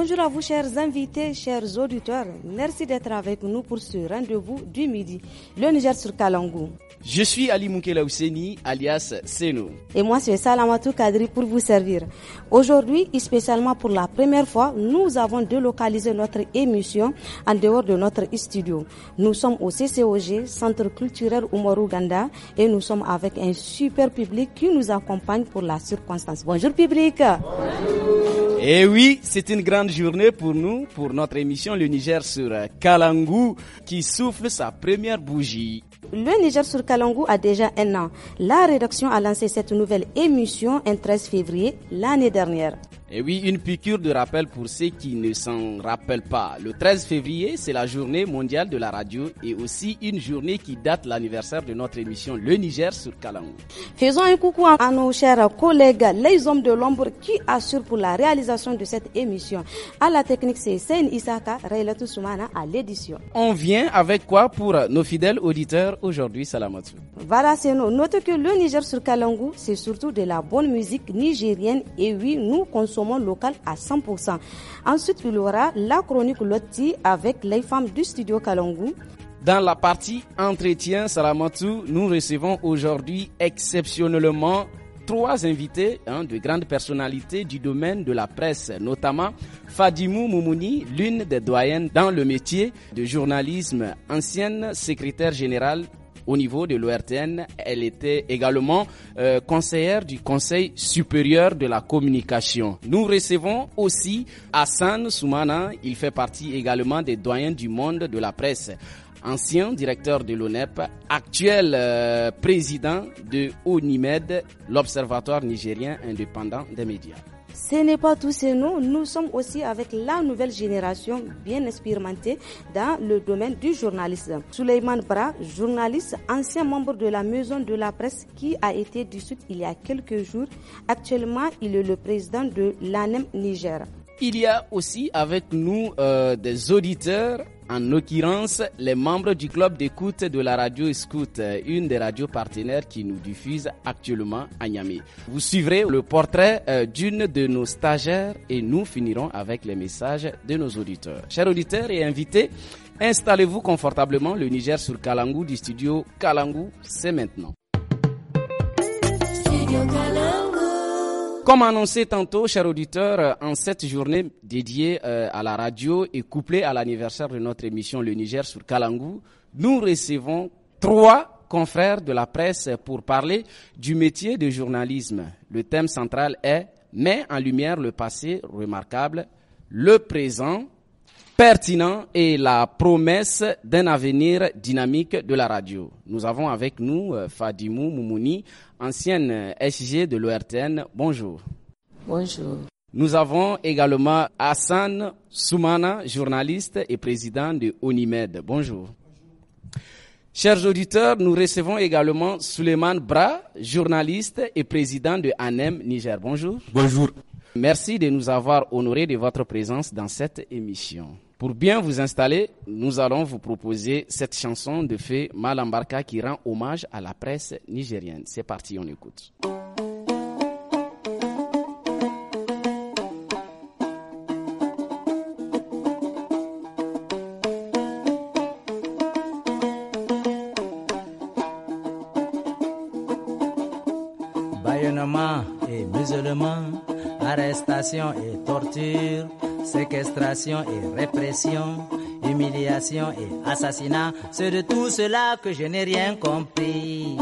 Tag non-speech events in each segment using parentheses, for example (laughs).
Bonjour à vous, chers invités, chers auditeurs. Merci d'être avec nous pour ce rendez-vous du midi, le Niger sur Kalangou. Je suis Ali Moukela Ouseni, alias Seno. Et moi, c'est Salamatou Kadri pour vous servir. Aujourd'hui, et spécialement pour la première fois, nous avons délocalisé notre émission en dehors de notre studio. Nous sommes au CCOG, Centre culturel Oumoruganda, Ganda, et nous sommes avec un super public qui nous accompagne pour la circonstance. Bonjour public. Bonjour. Et oui, c'est une grande journée pour nous, pour notre émission Le Niger sur Kalangu, qui souffle sa première bougie. Le Niger sur Kalangu a déjà un an. La rédaction a lancé cette nouvelle émission un 13 février l'année dernière. Et oui, une piqûre de rappel pour ceux qui ne s'en rappellent pas. Le 13 février, c'est la journée mondiale de la radio et aussi une journée qui date l'anniversaire de notre émission Le Niger sur Kalangou. Faisons un coucou à nos chers collègues, les hommes de l'ombre qui assurent pour la réalisation de cette émission. À la technique, c'est Seine Isaka, Raylatou Soumana à l'édition. On vient avec quoi pour nos fidèles auditeurs aujourd'hui, Salamatou Voilà, c'est nous. Notez que Le Niger sur Kalangou, c'est surtout de la bonne musique nigérienne et oui, nous consommons local à 100%. Ensuite, il y aura la chronique Lotti avec les femmes du studio Kalangu. Dans la partie entretien Salamatu, nous recevons aujourd'hui exceptionnellement trois invités hein, de grandes personnalités du domaine de la presse, notamment Fadimou Moumouni, l'une des doyennes dans le métier de journalisme, ancienne secrétaire générale au niveau de l'ORTN. Elle était également euh, conseillère du Conseil supérieur de la communication. Nous recevons aussi Hassan Soumana. Il fait partie également des doyens du monde de la presse ancien directeur de l'ONEP, actuel euh, président de ONIMED, l'Observatoire nigérien indépendant des médias. Ce n'est pas tous ces nous. Nous sommes aussi avec la nouvelle génération bien expérimentée dans le domaine du journalisme. Souleymane Bra, journaliste, ancien membre de la maison de la presse qui a été dissoute il y a quelques jours. Actuellement, il est le président de l'ANEM Niger. Il y a aussi avec nous euh, des auditeurs en l'occurrence les membres du club d'écoute de la radio Scout, une des radios partenaires qui nous diffuse actuellement à Niamey. Vous suivrez le portrait euh, d'une de nos stagiaires et nous finirons avec les messages de nos auditeurs. Chers auditeurs et invités, installez-vous confortablement. Le Niger sur Kalangu du studio Kalangu, c'est maintenant. Comme annoncé tantôt, chers auditeurs, euh, en cette journée dédiée euh, à la radio et couplée à l'anniversaire de notre émission Le Niger sur Kalangu, nous recevons trois confrères de la presse pour parler du métier de journalisme. Le thème central est Met en lumière le passé remarquable, le présent pertinent et la promesse d'un avenir dynamique de la radio. Nous avons avec nous euh, Fadimou Moumouni, ancienne euh, SG de l'ORTN. Bonjour. Bonjour. Nous avons également Hassan Soumana, journaliste et président de Onimed. Bonjour. Bonjour. Chers auditeurs, nous recevons également Suleiman Bra, journaliste et président de ANEM Niger. Bonjour. Bonjour. Merci de nous avoir honorés de votre présence dans cette émission. Pour bien vous installer, nous allons vous proposer cette chanson de fée Malambarka qui rend hommage à la presse nigérienne. C'est parti, on écoute. Baïonnement et musulman, arrestation et torture séquestration et répression, humiliation et assassinat. C'est de tout cela que je n'ai rien compris.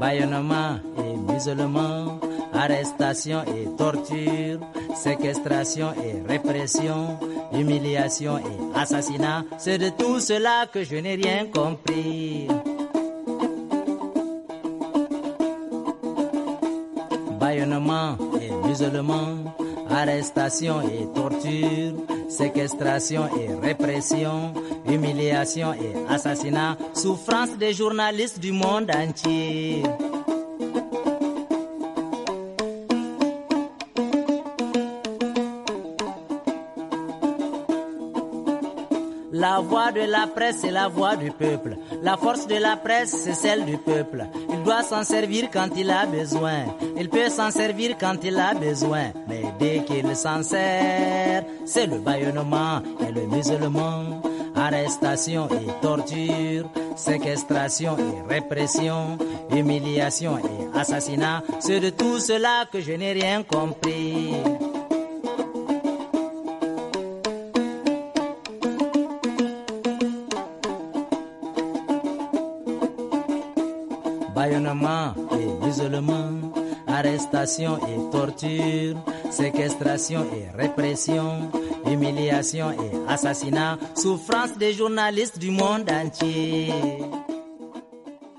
Bayonnement et musulman, arrestation et torture, séquestration et répression, humiliation et assassinat. C'est de tout cela que je n'ai rien compris. Bayonnement et musulman, arrestation et torture, séquestration et répression, humiliation et assassinat, souffrance des journalistes du monde entier. La voix de la presse, c'est la voix du peuple. La force de la presse, c'est celle du peuple. Il doit s'en servir quand il a besoin. Il peut s'en servir quand il a besoin. Mais dès qu'il s'en sert, c'est le baillonnement et le musulman. Arrestation et torture, séquestration et répression, humiliation et assassinat. C'est de tout cela que je n'ai rien compris. et torture, séquestration et répression, humiliation et assassinat, souffrance des journalistes du monde entier.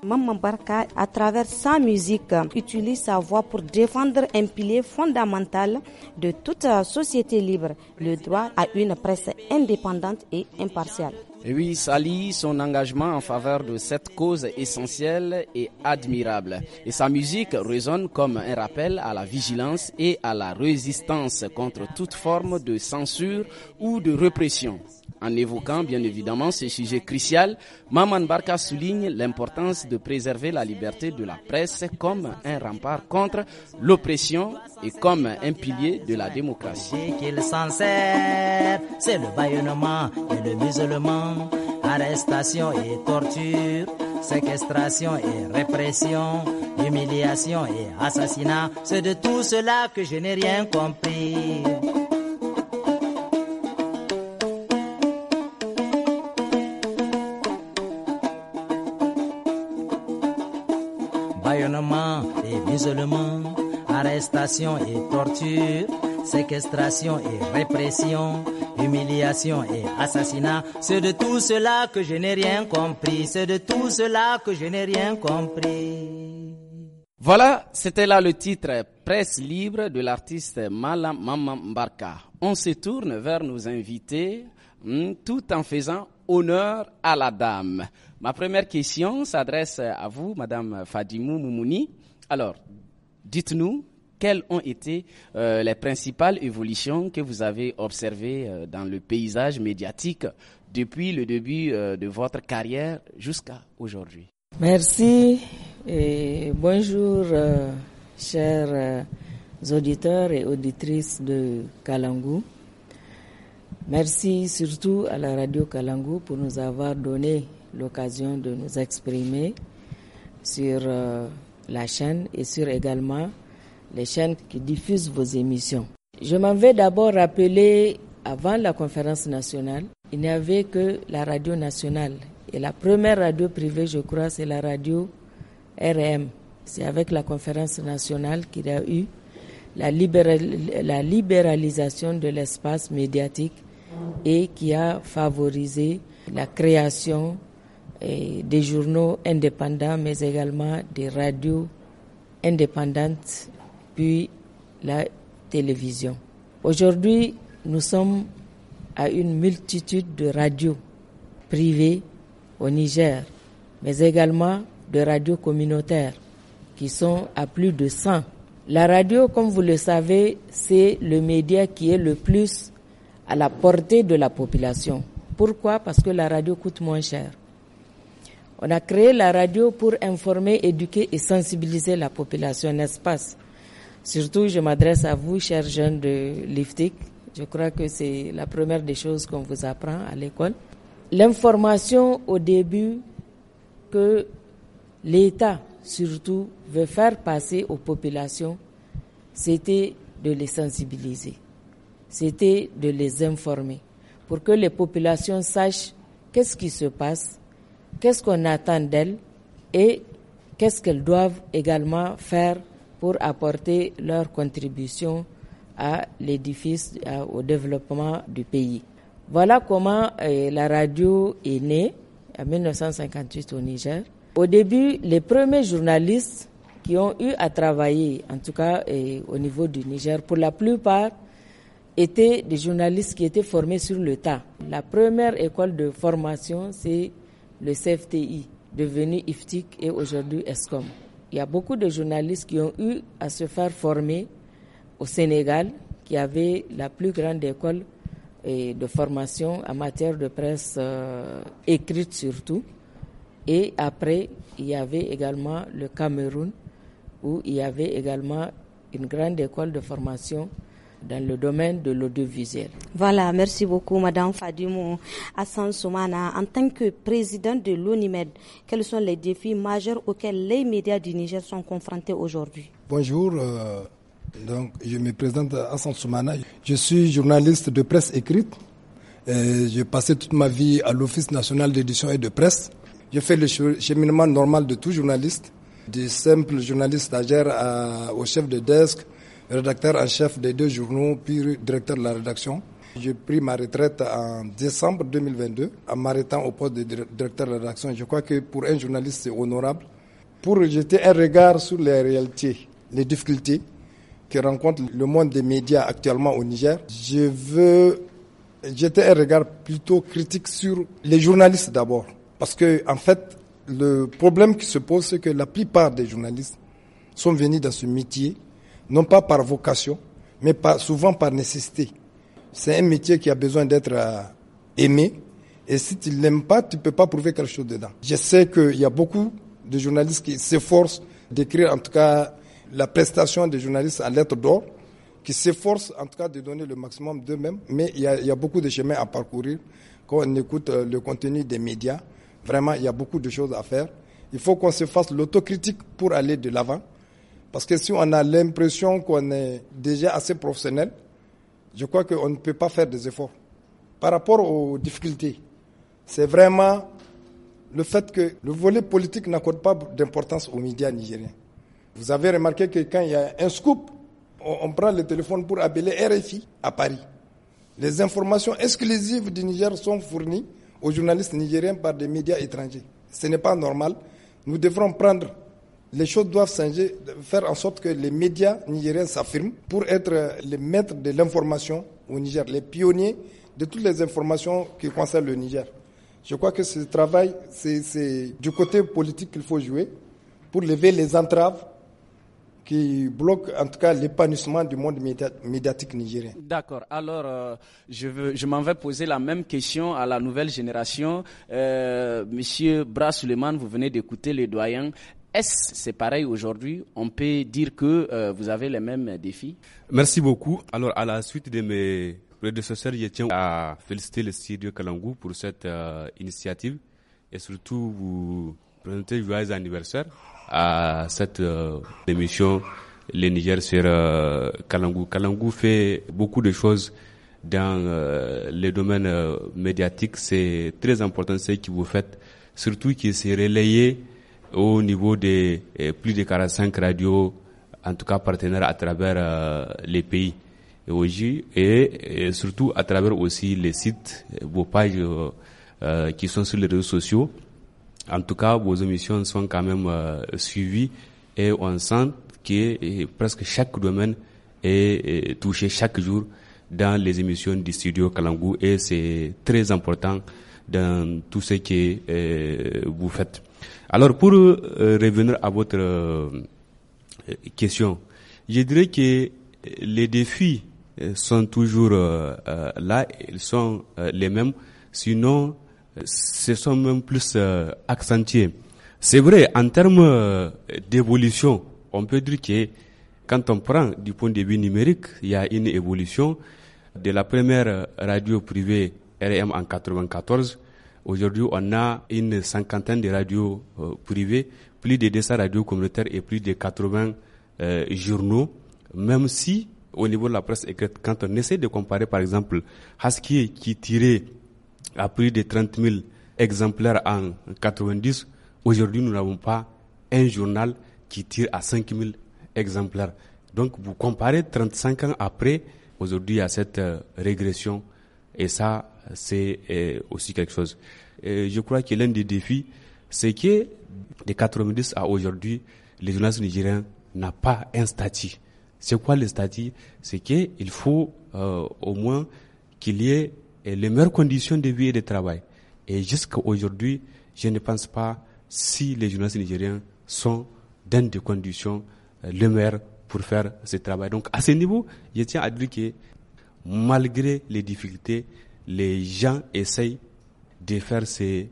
Maman Barka, à travers sa musique, utilise sa voix pour défendre un pilier fondamental de toute société libre, le droit à une presse indépendante et impartiale oui, Sali, son engagement en faveur de cette cause essentielle et admirable. Et sa musique résonne comme un rappel à la vigilance et à la résistance contre toute forme de censure ou de répression. En évoquant bien évidemment ce sujet crucial, Maman barca souligne l'importance de préserver la liberté de la presse comme un rempart contre l'oppression et comme un pilier de la démocratie. qu'il C'est le baïonnement et le musulman, arrestation et torture, séquestration et répression, humiliation et assassinat. C'est de tout cela que je n'ai rien compris. arrestation et torture, séquestration et répression, humiliation et assassinat. C'est de tout cela que je n'ai rien compris, c'est de tout cela que je n'ai rien compris. Voilà, c'était là le titre Presse libre de l'artiste Mala Mamambarka. On se tourne vers nos invités hmm, tout en faisant honneur à la dame. Ma première question s'adresse à vous, Madame Fadimou Moumouni. Alors, dites-nous, quelles ont été euh, les principales évolutions que vous avez observées euh, dans le paysage médiatique depuis le début euh, de votre carrière jusqu'à aujourd'hui Merci et bonjour, chers auditeurs et auditrices de Kalangou. Merci surtout à la radio Kalangou pour nous avoir donné l'occasion de nous exprimer sur la chaîne et sur également les chaînes qui diffusent vos émissions. Je m'en vais d'abord rappeler, avant la conférence nationale, il n'y avait que la radio nationale. Et la première radio privée, je crois, c'est la radio RM. C'est avec la conférence nationale qu'il y a eu la, la libéralisation de l'espace médiatique et qui a favorisé la création eh, des journaux indépendants, mais également des radios indépendantes puis la télévision. Aujourd'hui, nous sommes à une multitude de radios privées au Niger, mais également de radios communautaires qui sont à plus de 100. La radio, comme vous le savez, c'est le média qui est le plus à la portée de la population. Pourquoi Parce que la radio coûte moins cher. On a créé la radio pour informer, éduquer et sensibiliser la population, n'est-ce pas Surtout, je m'adresse à vous, chers jeunes de l'IFTIC. Je crois que c'est la première des choses qu'on vous apprend à l'école. L'information au début que l'État, surtout, veut faire passer aux populations, c'était de les sensibiliser, c'était de les informer, pour que les populations sachent qu'est-ce qui se passe, qu'est-ce qu'on attend d'elles et qu'est-ce qu'elles doivent également faire pour apporter leur contribution à l'édifice, au développement du pays. Voilà comment euh, la radio est née en 1958 au Niger. Au début, les premiers journalistes qui ont eu à travailler, en tout cas euh, au niveau du Niger, pour la plupart, étaient des journalistes qui étaient formés sur le tas. La première école de formation, c'est le CFTI, devenu IFTIC et aujourd'hui ESCOM. Il y a beaucoup de journalistes qui ont eu à se faire former au Sénégal, qui avait la plus grande école eh, de formation en matière de presse euh, écrite surtout. Et après, il y avait également le Cameroun, où il y avait également une grande école de formation dans le domaine de l'audiovisuel. Voilà, merci beaucoup, Madame Fadimou Hassan Soumana. En tant que président de l'ONIMED, quels sont les défis majeurs auxquels les médias du Niger sont confrontés aujourd'hui Bonjour. Euh, donc, je me présente Hassan Soumana. Je suis journaliste de presse écrite. Euh, j'ai passé toute ma vie à l'Office national d'édition et de presse. J'ai fait le cheminement normal de tout journaliste, du simple journaliste stagiaire au chef de desk, rédacteur en chef des deux journaux, puis directeur de la rédaction. J'ai pris ma retraite en décembre 2022 en m'arrêtant au poste de directeur de la rédaction. Je crois que pour un journaliste, c'est honorable. Pour jeter un regard sur les réalités, les difficultés que rencontre le monde des médias actuellement au Niger, je veux jeter un regard plutôt critique sur les journalistes d'abord. Parce que, en fait, le problème qui se pose, c'est que la plupart des journalistes sont venus dans ce métier non pas par vocation, mais souvent par nécessité. C'est un métier qui a besoin d'être euh, aimé. Et si tu ne l'aimes pas, tu ne peux pas prouver quelque chose dedans. Je sais qu'il y a beaucoup de journalistes qui s'efforcent d'écrire, en tout cas, la prestation des journalistes à lettres d'or, qui s'efforcent, en tout cas, de donner le maximum d'eux-mêmes. Mais il y, a, y a beaucoup de chemins à parcourir quand on écoute euh, le contenu des médias. Vraiment, il y a beaucoup de choses à faire. Il faut qu'on se fasse l'autocritique pour aller de l'avant. Parce que si on a l'impression qu'on est déjà assez professionnel, je crois qu'on ne peut pas faire des efforts. Par rapport aux difficultés, c'est vraiment le fait que le volet politique n'accorde pas d'importance aux médias nigériens. Vous avez remarqué que quand il y a un scoop, on, prend le téléphone pour appeler RFI à Paris. Les informations exclusives du Niger sont fournies aux journalistes nigériens par des médias étrangers. Ce n'est pas normal. Nous devrons prendre les choses doivent changer, faire en sorte que les médias nigériens s'affirment pour être les maîtres de l'information au Niger, les pionniers de toutes les informations qui concernent le Niger. Je crois que ce travail, c'est du côté politique qu'il faut jouer pour lever les entraves qui bloquent en tout cas l'épanouissement du monde médiatique nigérien. D'accord. Alors, euh, je, je m'en vais poser la même question à la nouvelle génération. Euh, Monsieur Bras vous venez d'écouter les doyens. Est-ce c'est pareil aujourd'hui On peut dire que euh, vous avez les mêmes défis Merci beaucoup. Alors, à la suite de mes prédécesseurs, je tiens à féliciter le studio Kalangou pour cette euh, initiative et surtout vous présenter joyeux anniversaire à cette euh, émission Le Niger sur Kalangou. Kalangou fait beaucoup de choses dans les domaines médiatique. C'est très important ce que vous faites, surtout qui s'est relayé au niveau des eh, plus de 45 radios, en tout cas partenaires à travers euh, les pays et, surtout à travers aussi les sites, eh, vos pages euh, euh, qui sont sur les réseaux sociaux. En tout cas, vos émissions sont quand même suivies et on sent que eh, presque chaque domaine est, touché chaque jour dans les émissions du studio Kalangu et c'est très important dans tout ce que vous faites. Alors pour euh, revenir à votre euh, question, je dirais que les défis euh, sont toujours là, ils sont les mêmes, sinon ce sont même plus accentués. C'est vrai, en termes d'évolution, on peut dire que quand on prend du point de vue numérique, il y a une évolution de la première radio privée RM en 1994, Aujourd'hui, on a une cinquantaine de radios euh, privées, plus de 200 radios communautaires et plus de 80 euh, journaux, même si au niveau de la presse écrite, quand on essaie de comparer par exemple Haski qui tirait à plus de 30 000 exemplaires en 90, aujourd'hui nous n'avons pas un journal qui tire à 5 000 exemplaires. Donc vous comparez 35 ans après, aujourd'hui à cette euh, régression et ça, c'est euh, aussi quelque chose. je crois que l'un des défis, c'est que de 90 à aujourd'hui, les journalistes nigériens n'ont pas un statut. C'est quoi le statut C'est qu'il faut euh, au moins qu'il y ait euh, les meilleures conditions de vie et de travail. Et jusqu'à aujourd'hui, je ne pense pas si les journalistes nigériens sont dans des conditions les meilleures pour faire ce travail. Donc à ce niveau, je tiens à dire que malgré les difficultés, les gens essayent de faire ce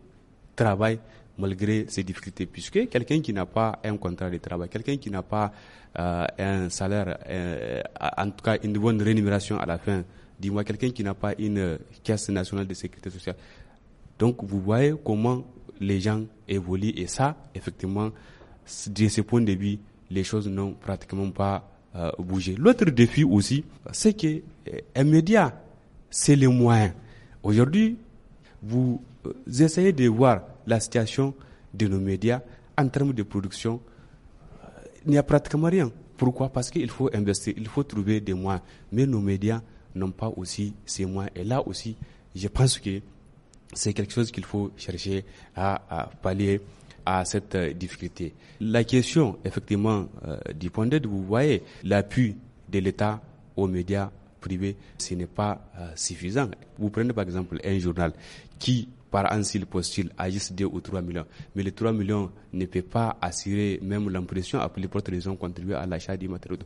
travail malgré ces difficultés, puisque quelqu'un qui n'a pas un contrat de travail, quelqu'un qui n'a pas euh, un salaire, euh, en tout cas une bonne rémunération à la fin du mois, quelqu'un qui n'a pas une caisse nationale de sécurité sociale. Donc vous voyez comment les gens évoluent et ça, effectivement, de ce point de vue, les choses n'ont pratiquement pas euh, bouger. L'autre défi aussi, c'est que euh, un média, c'est les moyens. Aujourd'hui, vous euh, essayez de voir la situation de nos médias en termes de production. Il n'y a pratiquement rien. Pourquoi Parce qu'il faut investir, il faut trouver des moyens. Mais nos médias n'ont pas aussi ces moyens. Et là aussi, je pense que c'est quelque chose qu'il faut chercher à pallier à cette euh, difficulté. La question, effectivement, euh, du point d'aide, vous voyez, l'appui de l'État aux médias privés, ce n'est pas euh, suffisant. Vous prenez par exemple un journal qui, par an s'il postule, a juste 2 ou 3 millions, mais les 3 millions ne peuvent pas assurer même l'impression à plus les raison contribuer à l'achat du matériaux.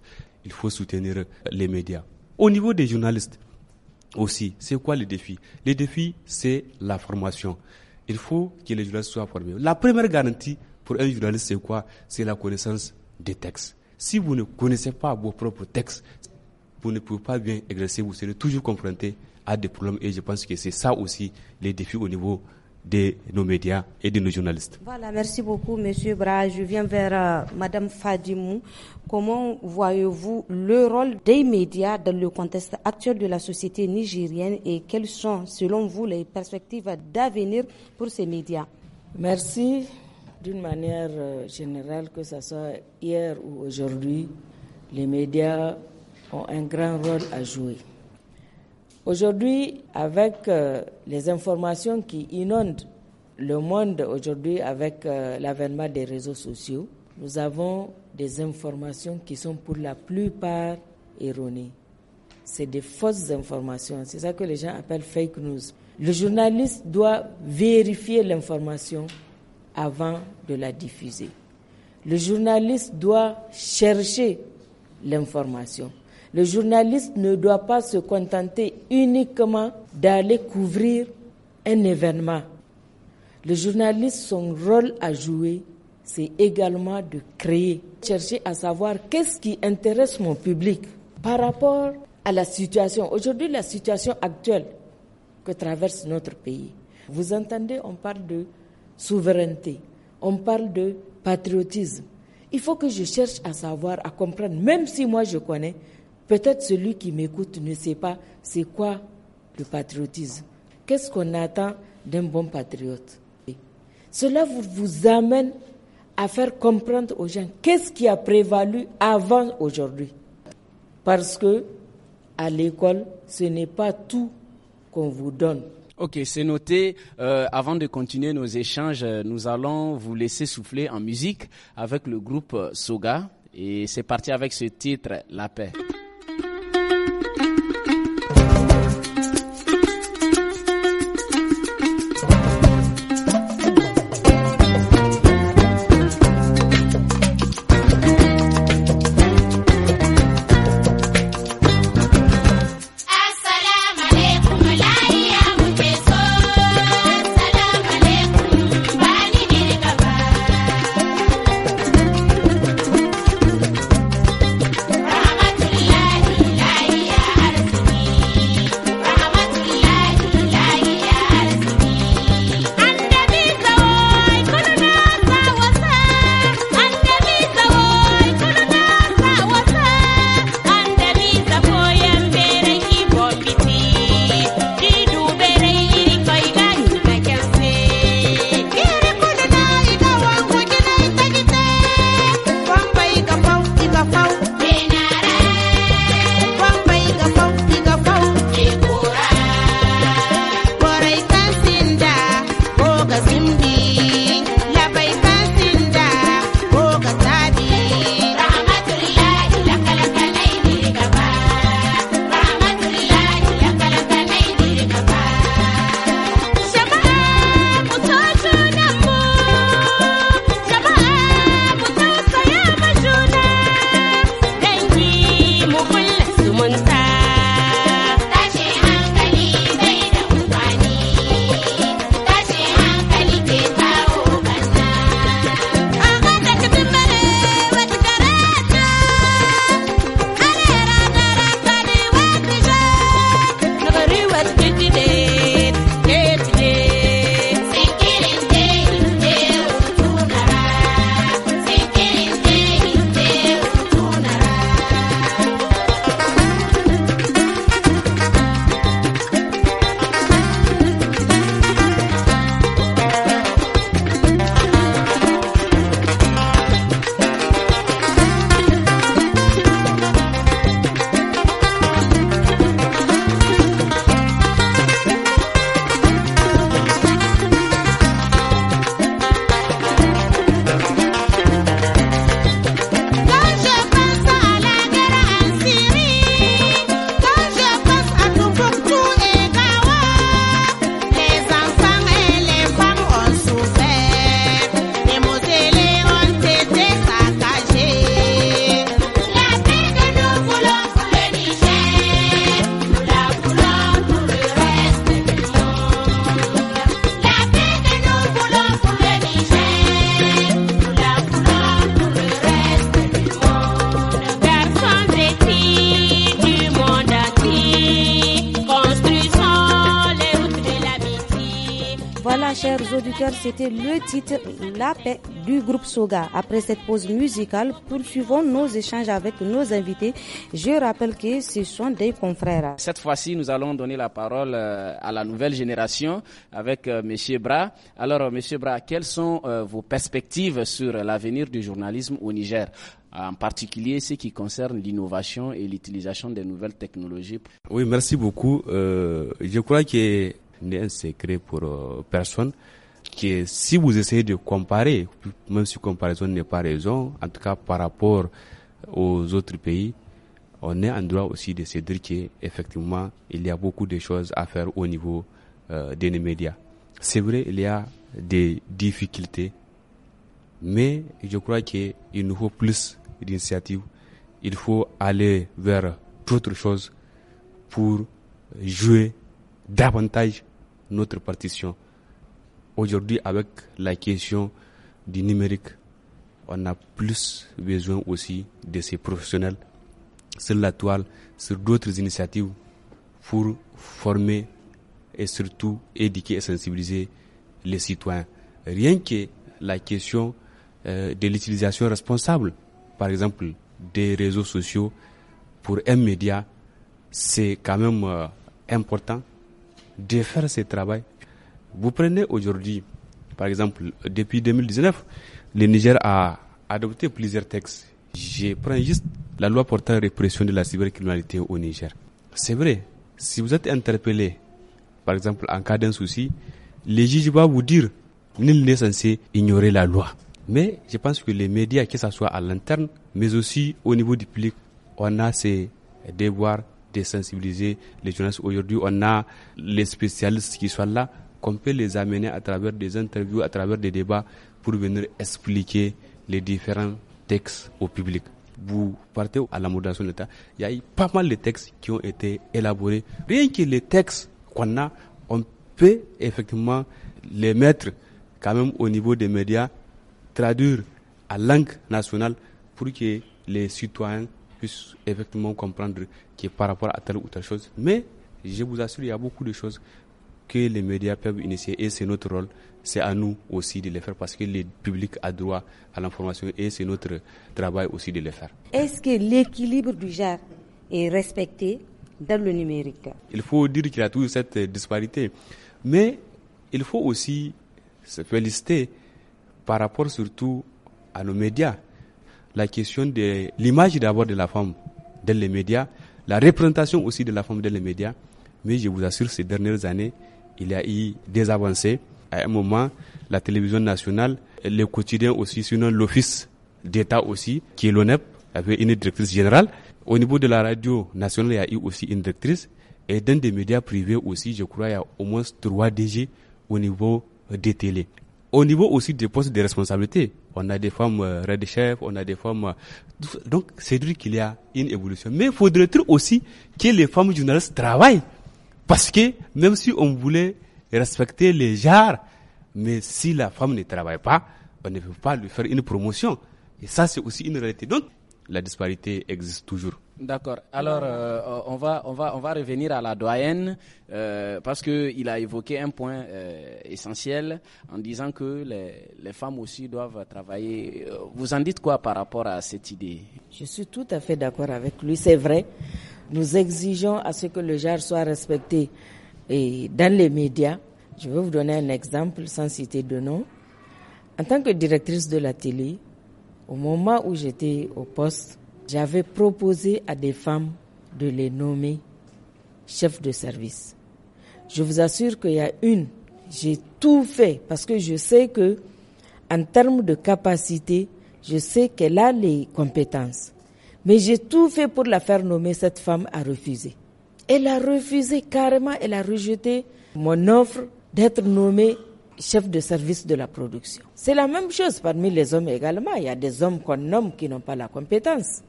Il faut soutenir les médias. Au niveau des journalistes aussi, c'est quoi le défi Le défi, c'est la formation il faut que les journalistes soient formés. La première garantie pour un journaliste, c'est quoi C'est la connaissance des textes. Si vous ne connaissez pas vos propres textes, vous ne pouvez pas bien exercer, vous serez toujours confronté à des problèmes. Et je pense que c'est ça aussi les défis au niveau de nos médias et de nos journalistes. Voilà, merci beaucoup, Monsieur Bra. Je viens vers euh, Madame Fadimou. Comment voyez-vous le rôle des médias dans le contexte actuel de la société nigérienne et quelles sont, selon vous, les perspectives d'avenir pour ces médias Merci. D'une manière euh, générale, que ce soit hier ou aujourd'hui, les médias ont un grand rôle à jouer. Aujourd'hui, avec euh, les informations qui inondent le monde aujourd'hui avec euh, l'avènement des réseaux sociaux, nous avons des informations qui sont pour la plupart erronées. C'est des fausses informations. C'est ça que les gens appellent fake news. Le journaliste doit vérifier l'information avant de la diffuser. Le journaliste doit chercher l'information. Le journaliste ne doit pas se contenter uniquement d'aller couvrir un événement. Le journaliste, son rôle à jouer, c'est également de créer, chercher à savoir qu'est-ce qui intéresse mon public par rapport à la situation. Aujourd'hui, la situation actuelle que traverse notre pays. Vous entendez, on parle de souveraineté, on parle de patriotisme. Il faut que je cherche à savoir, à comprendre, même si moi je connais, Peut-être celui qui m'écoute ne sait pas c'est quoi le patriotisme. Qu'est-ce qu'on attend d'un bon patriote Cela vous, amène à faire comprendre aux gens qu'est-ce qui a prévalu avant aujourd'hui. Parce que à l'école, ce n'est pas tout qu'on vous donne. Ok, c'est noté. Euh, avant de continuer nos échanges, euh, nous allons vous laisser souffler en musique avec le groupe euh, Soga. Et c'est parti avec ce titre, La paix. La paix du groupe Soga. Après cette pause musicale, poursuivons nos échanges avec nos invités. Je rappelle que ce sont des confrères. Cette fois-ci, nous allons donner la parole euh, à la nouvelle génération avec euh, M. Bra. Alors, Monsieur Bra, quelles sont euh, vos perspectives sur l'avenir du journalisme au Niger en particulier ce qui concerne l'innovation et l'utilisation des nouvelles technologies. Oui, merci beaucoup. je crois qu'il n'est un secret pour personne que si vous essayez de comparer, même si comparaison n'est pas raison, en tout cas par rapport aux autres pays, on est en droit aussi de se dire qu'effectivement, il y a beaucoup de choses à faire au niveau euh, des médias. C'est vrai, il y a des difficultés, mais je crois qu'il nous faut plus d'initiatives. Il faut aller vers d'autres choses pour jouer davantage notre partition. Aujourd'hui, avec la question du numérique, on a plus besoin aussi de ces professionnels sur la toile, sur d'autres initiatives pour former et surtout éduquer et sensibiliser les citoyens. Rien que la question euh, de l'utilisation responsable, par exemple, des réseaux sociaux pour un média, c'est quand même euh, important de faire ce travail vous prenez aujourd'hui, par exemple, depuis 2019, le Niger a adopté plusieurs textes. Je prends juste la loi portant répression de la cybercriminalité au Niger. C'est vrai, si vous êtes interpellé, par exemple, en cas d'un souci, les juges vont vous dire, nul n'est censé ignorer la loi. Mais je pense que les médias, que ce soit à l'interne, mais aussi au niveau du public, on a ces devoirs de sensibiliser les journalistes. Aujourd'hui, on a les spécialistes qui sont là qu'on peut les amener à travers des interviews, à travers des débats, pour venir expliquer les différents textes au public. Vous partez à la modération de l'État, il y a eu pas mal de textes qui ont été élaborés. Rien que les textes qu'on a, on peut effectivement les mettre quand même au niveau des médias, traduire à langue nationale pour que les citoyens puissent effectivement comprendre que par rapport à telle ou telle chose. Mais je vous assure, il y a beaucoup de choses que les médias peuvent initier et c'est notre rôle. C'est à nous aussi de le faire parce que le public a droit à l'information et c'est notre travail aussi de le faire. Est-ce que l'équilibre du genre est respecté dans le numérique Il faut dire qu'il y a toujours cette disparité. Mais il faut aussi se féliciter par rapport surtout à nos médias. La question de l'image d'abord de la femme dans les médias, la représentation aussi de la femme dans les médias. Mais je vous assure, ces dernières années, il y a eu des avancées. À un moment, la télévision nationale, le quotidien aussi, sinon l'office d'État aussi, qui est l'ONEP, avait une directrice générale. Au niveau de la radio nationale, il y a eu aussi une directrice. Et dans des médias privés aussi, je crois, il y a au moins trois DG au niveau des télés. Au niveau aussi des postes de responsabilité, on a des femmes euh, red on a des femmes. Euh, donc, c'est vrai qu'il y a une évolution. Mais il faudrait aussi que les femmes journalistes travaillent parce que même si on voulait respecter les genres, mais si la femme ne travaille pas, on ne peut pas lui faire une promotion. Et ça, c'est aussi une réalité. Donc, la disparité existe toujours. D'accord. Alors, euh, euh, on, va, on, va, on va revenir à la doyenne euh, parce parce qu'il a évoqué un point essentiel en disant que les, les, femmes aussi doivent travailler. Vous en dites quoi par rapport à cette idée Je suis tout à fait d'accord avec lui. C'est vrai. Nous exigeons à ce que le genre soit respecté et dans les médias. Je vais vous donner un exemple sans citer de nom. En tant que directrice de la télé, au moment où j'étais au poste, j'avais proposé à des femmes de les nommer chefs de service. Je vous assure qu'il y a une, j'ai tout fait parce que je sais que, en termes de capacité, je sais qu'elle a les compétences. Mais j'ai tout fait pour la faire nommer. Cette femme a refusé. Elle a refusé carrément, elle a rejeté mon offre d'être nommée chef de service de la production. C'est la même chose parmi les hommes également. Il y a des hommes qu'on nomme qui n'ont pas la compétence.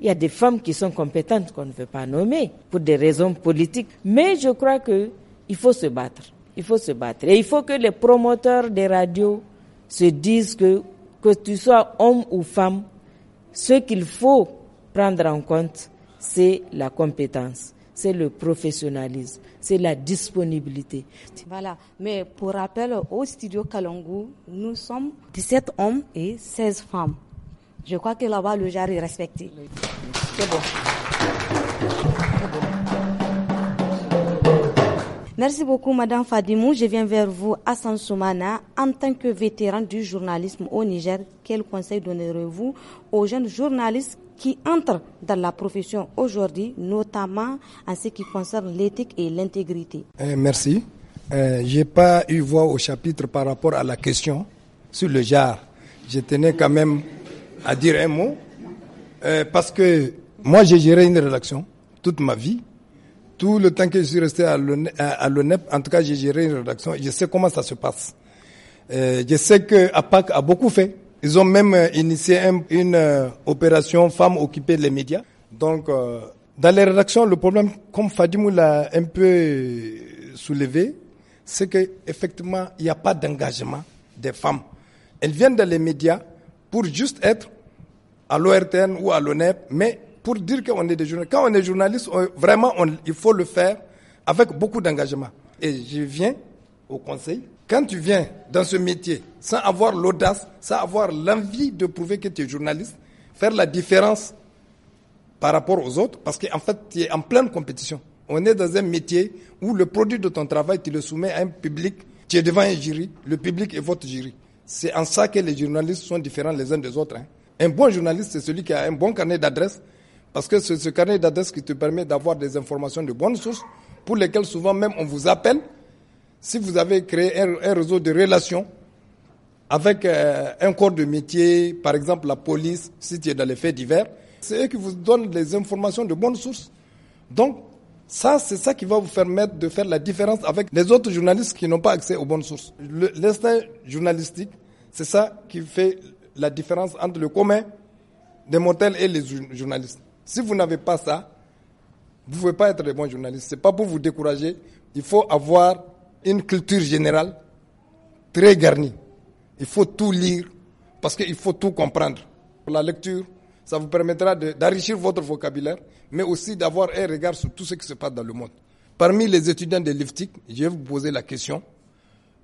Il y a des femmes qui sont compétentes qu'on ne veut pas nommer pour des raisons politiques. Mais je crois qu'il faut se battre. Il faut se battre. Et il faut que les promoteurs des radios se disent que, que tu sois homme ou femme, ce qu'il faut prendre en compte, c'est la compétence c'est le professionnalisme, c'est la disponibilité. Voilà, mais pour rappel, au studio Kalongo, nous sommes 17 hommes et 16 femmes. Je crois que là-bas, le genre est respecté. C'est bon. Merci beaucoup, Madame Fadimou. Je viens vers vous, à Sansoumana. En tant que vétéran du journalisme au Niger, quel conseil donnerez-vous aux jeunes journalistes qui entrent dans la profession aujourd'hui, notamment en ce qui concerne l'éthique et l'intégrité. Eh, merci. Euh, Je n'ai pas eu voix au chapitre par rapport à la question sur le jarre. Je tenais quand même à dire un mot, eh, parce que moi j'ai géré une rédaction toute ma vie. Tout le temps que je suis resté à l'ONEP, e en tout cas j'ai géré une rédaction, je sais comment ça se passe. Eh, je sais que APAC a beaucoup fait ils ont même euh, initié une euh, opération femmes occupées les médias. Donc, euh, dans les rédactions, le problème, comme Fadimou l'a un peu soulevé, c'est qu'effectivement, il n'y a pas d'engagement des femmes. Elles viennent dans les médias pour juste être à l'ORTN ou à l'ONEP, mais pour dire qu'on est des journalistes. Quand on est journaliste, vraiment, il faut le faire avec beaucoup d'engagement. Et je viens au conseil quand tu viens dans ce métier sans avoir l'audace, sans avoir l'envie de prouver que tu es journaliste, faire la différence par rapport aux autres, parce qu'en fait, tu es en pleine compétition. On est dans un métier où le produit de ton travail, tu le soumets à un public, tu es devant un jury, le public est votre jury. C'est en ça que les journalistes sont différents les uns des autres. Hein. Un bon journaliste, c'est celui qui a un bon carnet d'adresses, parce que c'est ce carnet d'adresses qui te permet d'avoir des informations de bonnes sources, pour lesquelles souvent même on vous appelle si vous avez créé un, réseau de relations avec euh, un corps de métier, par exemple la police, si tu es dans les faits divers, c'est eux qui vous donnent les informations de bonnes sources. Donc, ça, c'est ça qui va vous permettre de faire la différence avec les autres journalistes qui n'ont pas accès aux bonnes sources. L'instinct journalistique, c'est ça qui fait la différence entre le commun des mortels et les journalistes. Si vous n'avez pas ça, vous ne pouvez pas être des bon journaliste. Ce n'est pas pour vous décourager. Il faut avoir une culture générale très garnie. Il faut tout lire parce qu'il faut tout comprendre. La lecture, ça vous permettra d'enrichir votre vocabulaire, mais aussi d'avoir un regard sur tout ce qui se passe dans le monde. Parmi les étudiants de l'IFTIC, je vais vous poser la question.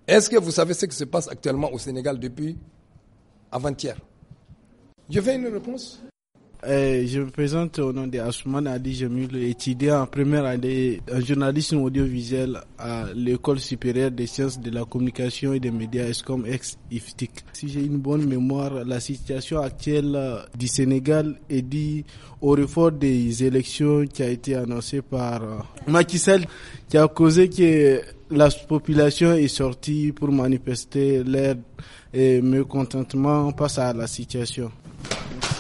Est-ce que vous savez ce qui se passe actuellement au Sénégal depuis avant-hier Je veux une réponse. Eh, je me présente au nom de Ashman Ali Jamil, étudiant en première année en journalisme audiovisuel à l'École supérieure des sciences de la communication et des médias ESCOM ex-IFTIC. Si j'ai une bonne mémoire, la situation actuelle euh, du Sénégal est due au report des élections qui a été annoncé par euh, Macky Sall, qui a causé que la population est sortie pour manifester leur euh, mécontentement face à la situation.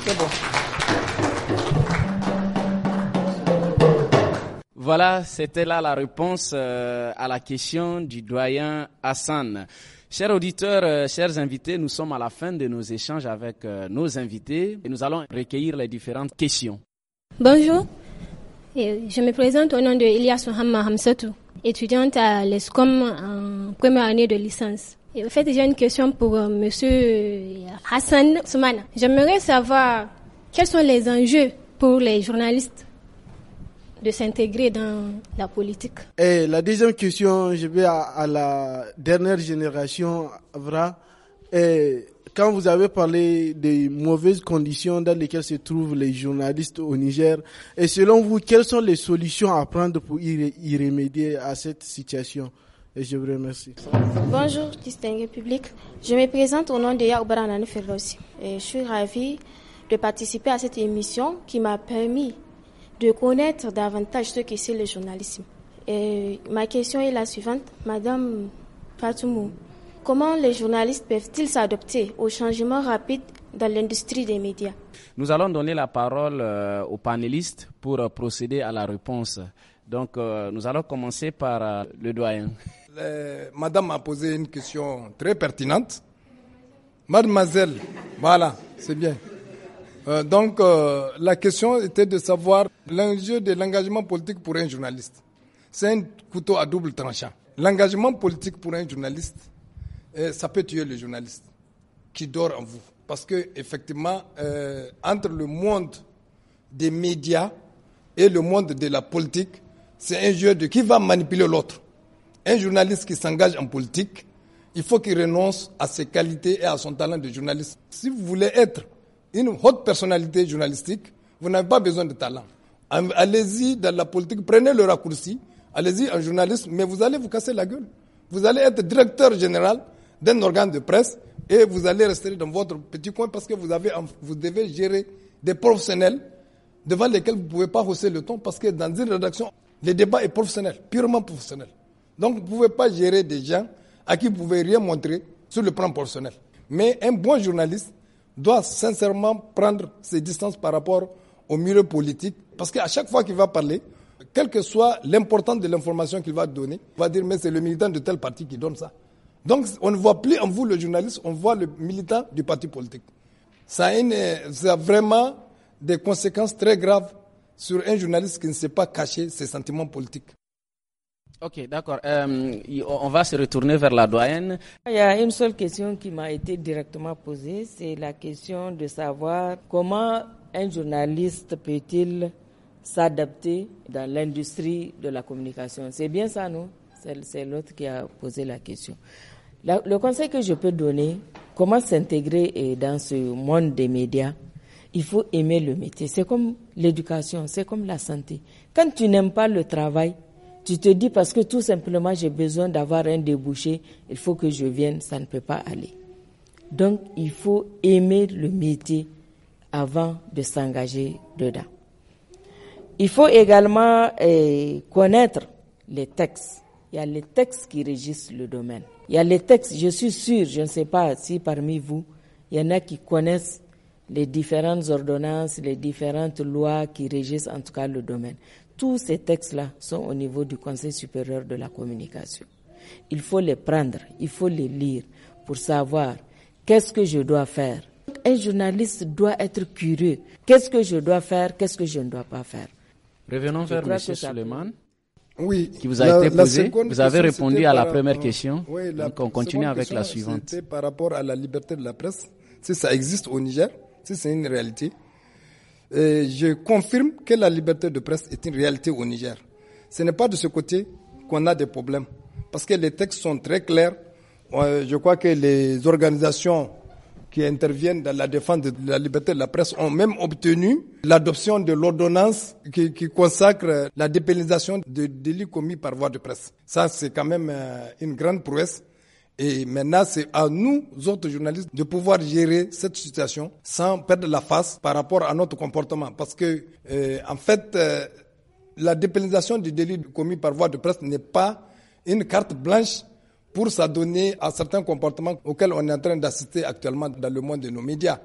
C'est bon. Voilà, c'était là la réponse euh, à la question du doyen Hassan. Chers auditeurs, euh, chers invités, nous sommes à la fin de nos échanges avec euh, nos invités et nous allons recueillir les différentes questions. Bonjour, je me présente au nom de Ilias Mohamed Hamsetou, étudiante à l'ESCOM en première année de licence. En fait, j'ai une question pour Monsieur Hassan Soumana. J'aimerais savoir quels sont les enjeux pour les journalistes de s'intégrer dans la politique. Et la deuxième question, je vais à, la dernière génération, Vra. Et quand vous avez parlé des mauvaises conditions dans lesquelles se trouvent les journalistes au Niger, et selon vous, quelles sont les solutions à prendre pour y, remédier à cette situation et je vous remercie. Bonjour, distingué public. Je me présente au nom de Yaoubara ferrosi Je suis ravie de participer à cette émission qui m'a permis de connaître davantage ce que c'est le journalisme. Et ma question est la suivante, Madame Fatoumou. Comment les journalistes peuvent-ils s'adopter au changement rapide dans l'industrie des médias Nous allons donner la parole euh, aux panélistes pour euh, procéder à la réponse. Donc, euh, nous allons commencer par le doyen. madame a posé une question très pertinente. Mademoiselle, voilà, c'est bien. Euh, donc, euh, la question était de savoir l'enjeu de l'engagement politique pour un journaliste. C'est un couteau à double tranchant. L'engagement politique pour un journaliste, euh, ça peut tuer le journaliste qui dort en vous. Parce que effectivement, entre le monde des médias et le monde de la politique, c'est un jeu de qui va manipuler l'autre. Un journaliste qui s'engage en politique, il faut qu'il renonce à ses qualités et à son talent de journaliste. Si vous voulez être une haute personnalité journalistique, vous n'avez pas besoin de talent. Allez-y dans la politique, prenez le raccourci, allez-y en journaliste, mais vous allez vous casser la gueule. Vous allez être directeur général d'un organe de presse et vous allez rester dans votre petit coin parce que vous, avez, vous devez gérer des professionnels devant lesquels vous ne pouvez pas hausser le ton parce que dans une rédaction, le débat est professionnel, purement professionnel. Donc vous ne pouvez pas gérer des gens à qui vous ne pouvez rien montrer sur le plan professionnel. Mais un bon journaliste doit sincèrement prendre ses distances par rapport au milieu politique, parce qu'à chaque fois qu'il va parler, quelle que soit l'importance de l'information qu'il va donner, il va dire mais c'est le militant de tel parti qui donne ça. Donc on ne voit plus en vous le journaliste, on voit le militant du parti politique. Ça ça a vraiment des conséquences très graves sur un journaliste qui ne sait pas cacher ses sentiments politiques. Ok, d'accord. Euh, on va se retourner vers la doyenne. Il y a une seule question qui m'a été directement posée, c'est la question de savoir comment un journaliste peut-il s'adapter dans l'industrie de la communication. C'est bien ça, non C'est l'autre qui a posé la question. le conseil que je peux donner, comment s'intégrer dans ce monde des médias, il faut aimer le métier. C'est comme l'éducation, c'est comme la santé. Quand tu n'aimes pas le travail, tu te dis parce que tout simplement j'ai besoin d'avoir un débouché, il faut que je vienne, ça ne peut pas aller. Donc il faut aimer le métier avant de s'engager dedans. Il faut également euh, connaître les textes. Il y a les textes qui régissent le domaine. Il y a les textes, je suis sûr, je ne sais pas si parmi vous, il y en a qui connaissent les différentes ordonnances, les différentes lois qui régissent en tout cas le domaine. Tous ces textes-là sont au niveau du Conseil supérieur de la communication. Il faut les prendre, il faut les lire pour savoir qu'est-ce que je dois faire. Un journaliste doit être curieux. Qu'est-ce que je dois faire, qu'est-ce que je ne dois pas faire. Revenons vers M. Suleiman. Oui, qui vous a été posé. Vous avez répondu à la première question. Donc on continue avec la suivante. Par rapport à la liberté de la presse, si ça existe au Niger, si c'est une réalité, et euh, je confirme que la liberté de presse est une réalité au Niger. Ce n'est pas de ce côté qu'on a des problèmes, parce que les textes sont très clairs. Euh, je crois que les organisations qui interviennent dans la défense de la liberté de la presse ont même obtenu l'adoption de l'ordonnance qui, qui, consacre la dépénalisation des délits commis par voie de presse. Ça, c'est quand même euh, une grande prouesse. Et maintenant, c'est à nous, autres journalistes, de pouvoir gérer cette situation sans perdre la face par rapport à notre comportement. Parce que, euh, en fait, euh, la dépénalisation du délit commis par voie de presse n'est pas une carte blanche pour s'adonner à certains comportements auxquels on est en train d'assister actuellement dans le monde de nos médias.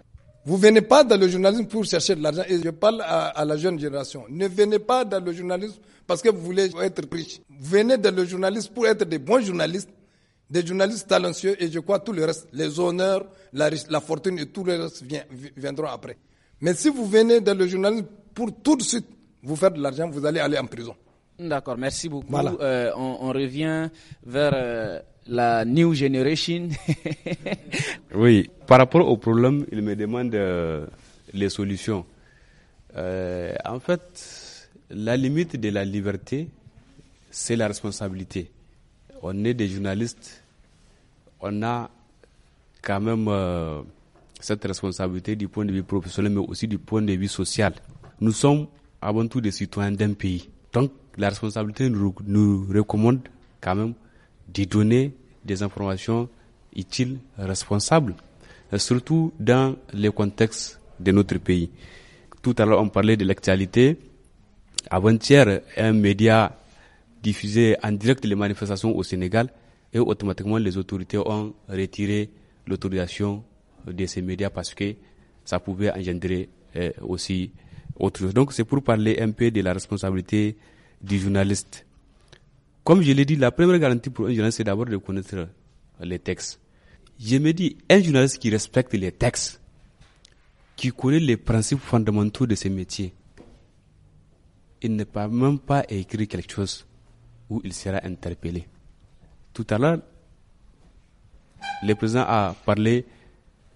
Vous venez pas dans le journalisme pour chercher de l'argent. Et je parle à, à, la jeune génération. Ne venez pas dans le journalisme parce que vous voulez être riche. Venez dans le journalisme pour être des bons journalistes des journalistes talentueux et je crois tout le reste, les honneurs, la, fortune et tout le reste viendront après. Mais si vous venez dans le journalisme pour tout de suite vous faire de l'argent, vous allez aller en prison. D'accord, merci beaucoup. Euh, on, revient vers euh, la New Generation. (laughs) oui, par rapport au problème, il me demande euh, les solutions. en fait, la limite de la liberté, c'est la responsabilité. On est des journalistes, on a quand même euh, cette responsabilité du point de vue professionnel, mais aussi du point de vue social. Nous sommes avant tout des citoyens d'un pays. Donc la responsabilité nous, recommande quand même de donner des informations utiles, responsables, surtout dans le contexte de notre pays. Tout à l'heure, on parlait de l'actualité. Avant-hier, un média diffusait en direct les manifestations au Sénégal et automatiquement les autorités ont retiré l'autorisation de ces médias parce que ça pouvait engendrer euh, aussi autre chose. Donc c'est pour parler un peu de la responsabilité du journaliste. Comme je l'ai dit, la première garantie pour un journaliste, c'est d'abord de connaître les textes. Je me dis, un journaliste qui respecte les textes, qui connaît les principes fondamentaux de ce métier, il ne peut même pas écrire quelque chose où il sera interpellé. Tout à l'heure, le président a parlé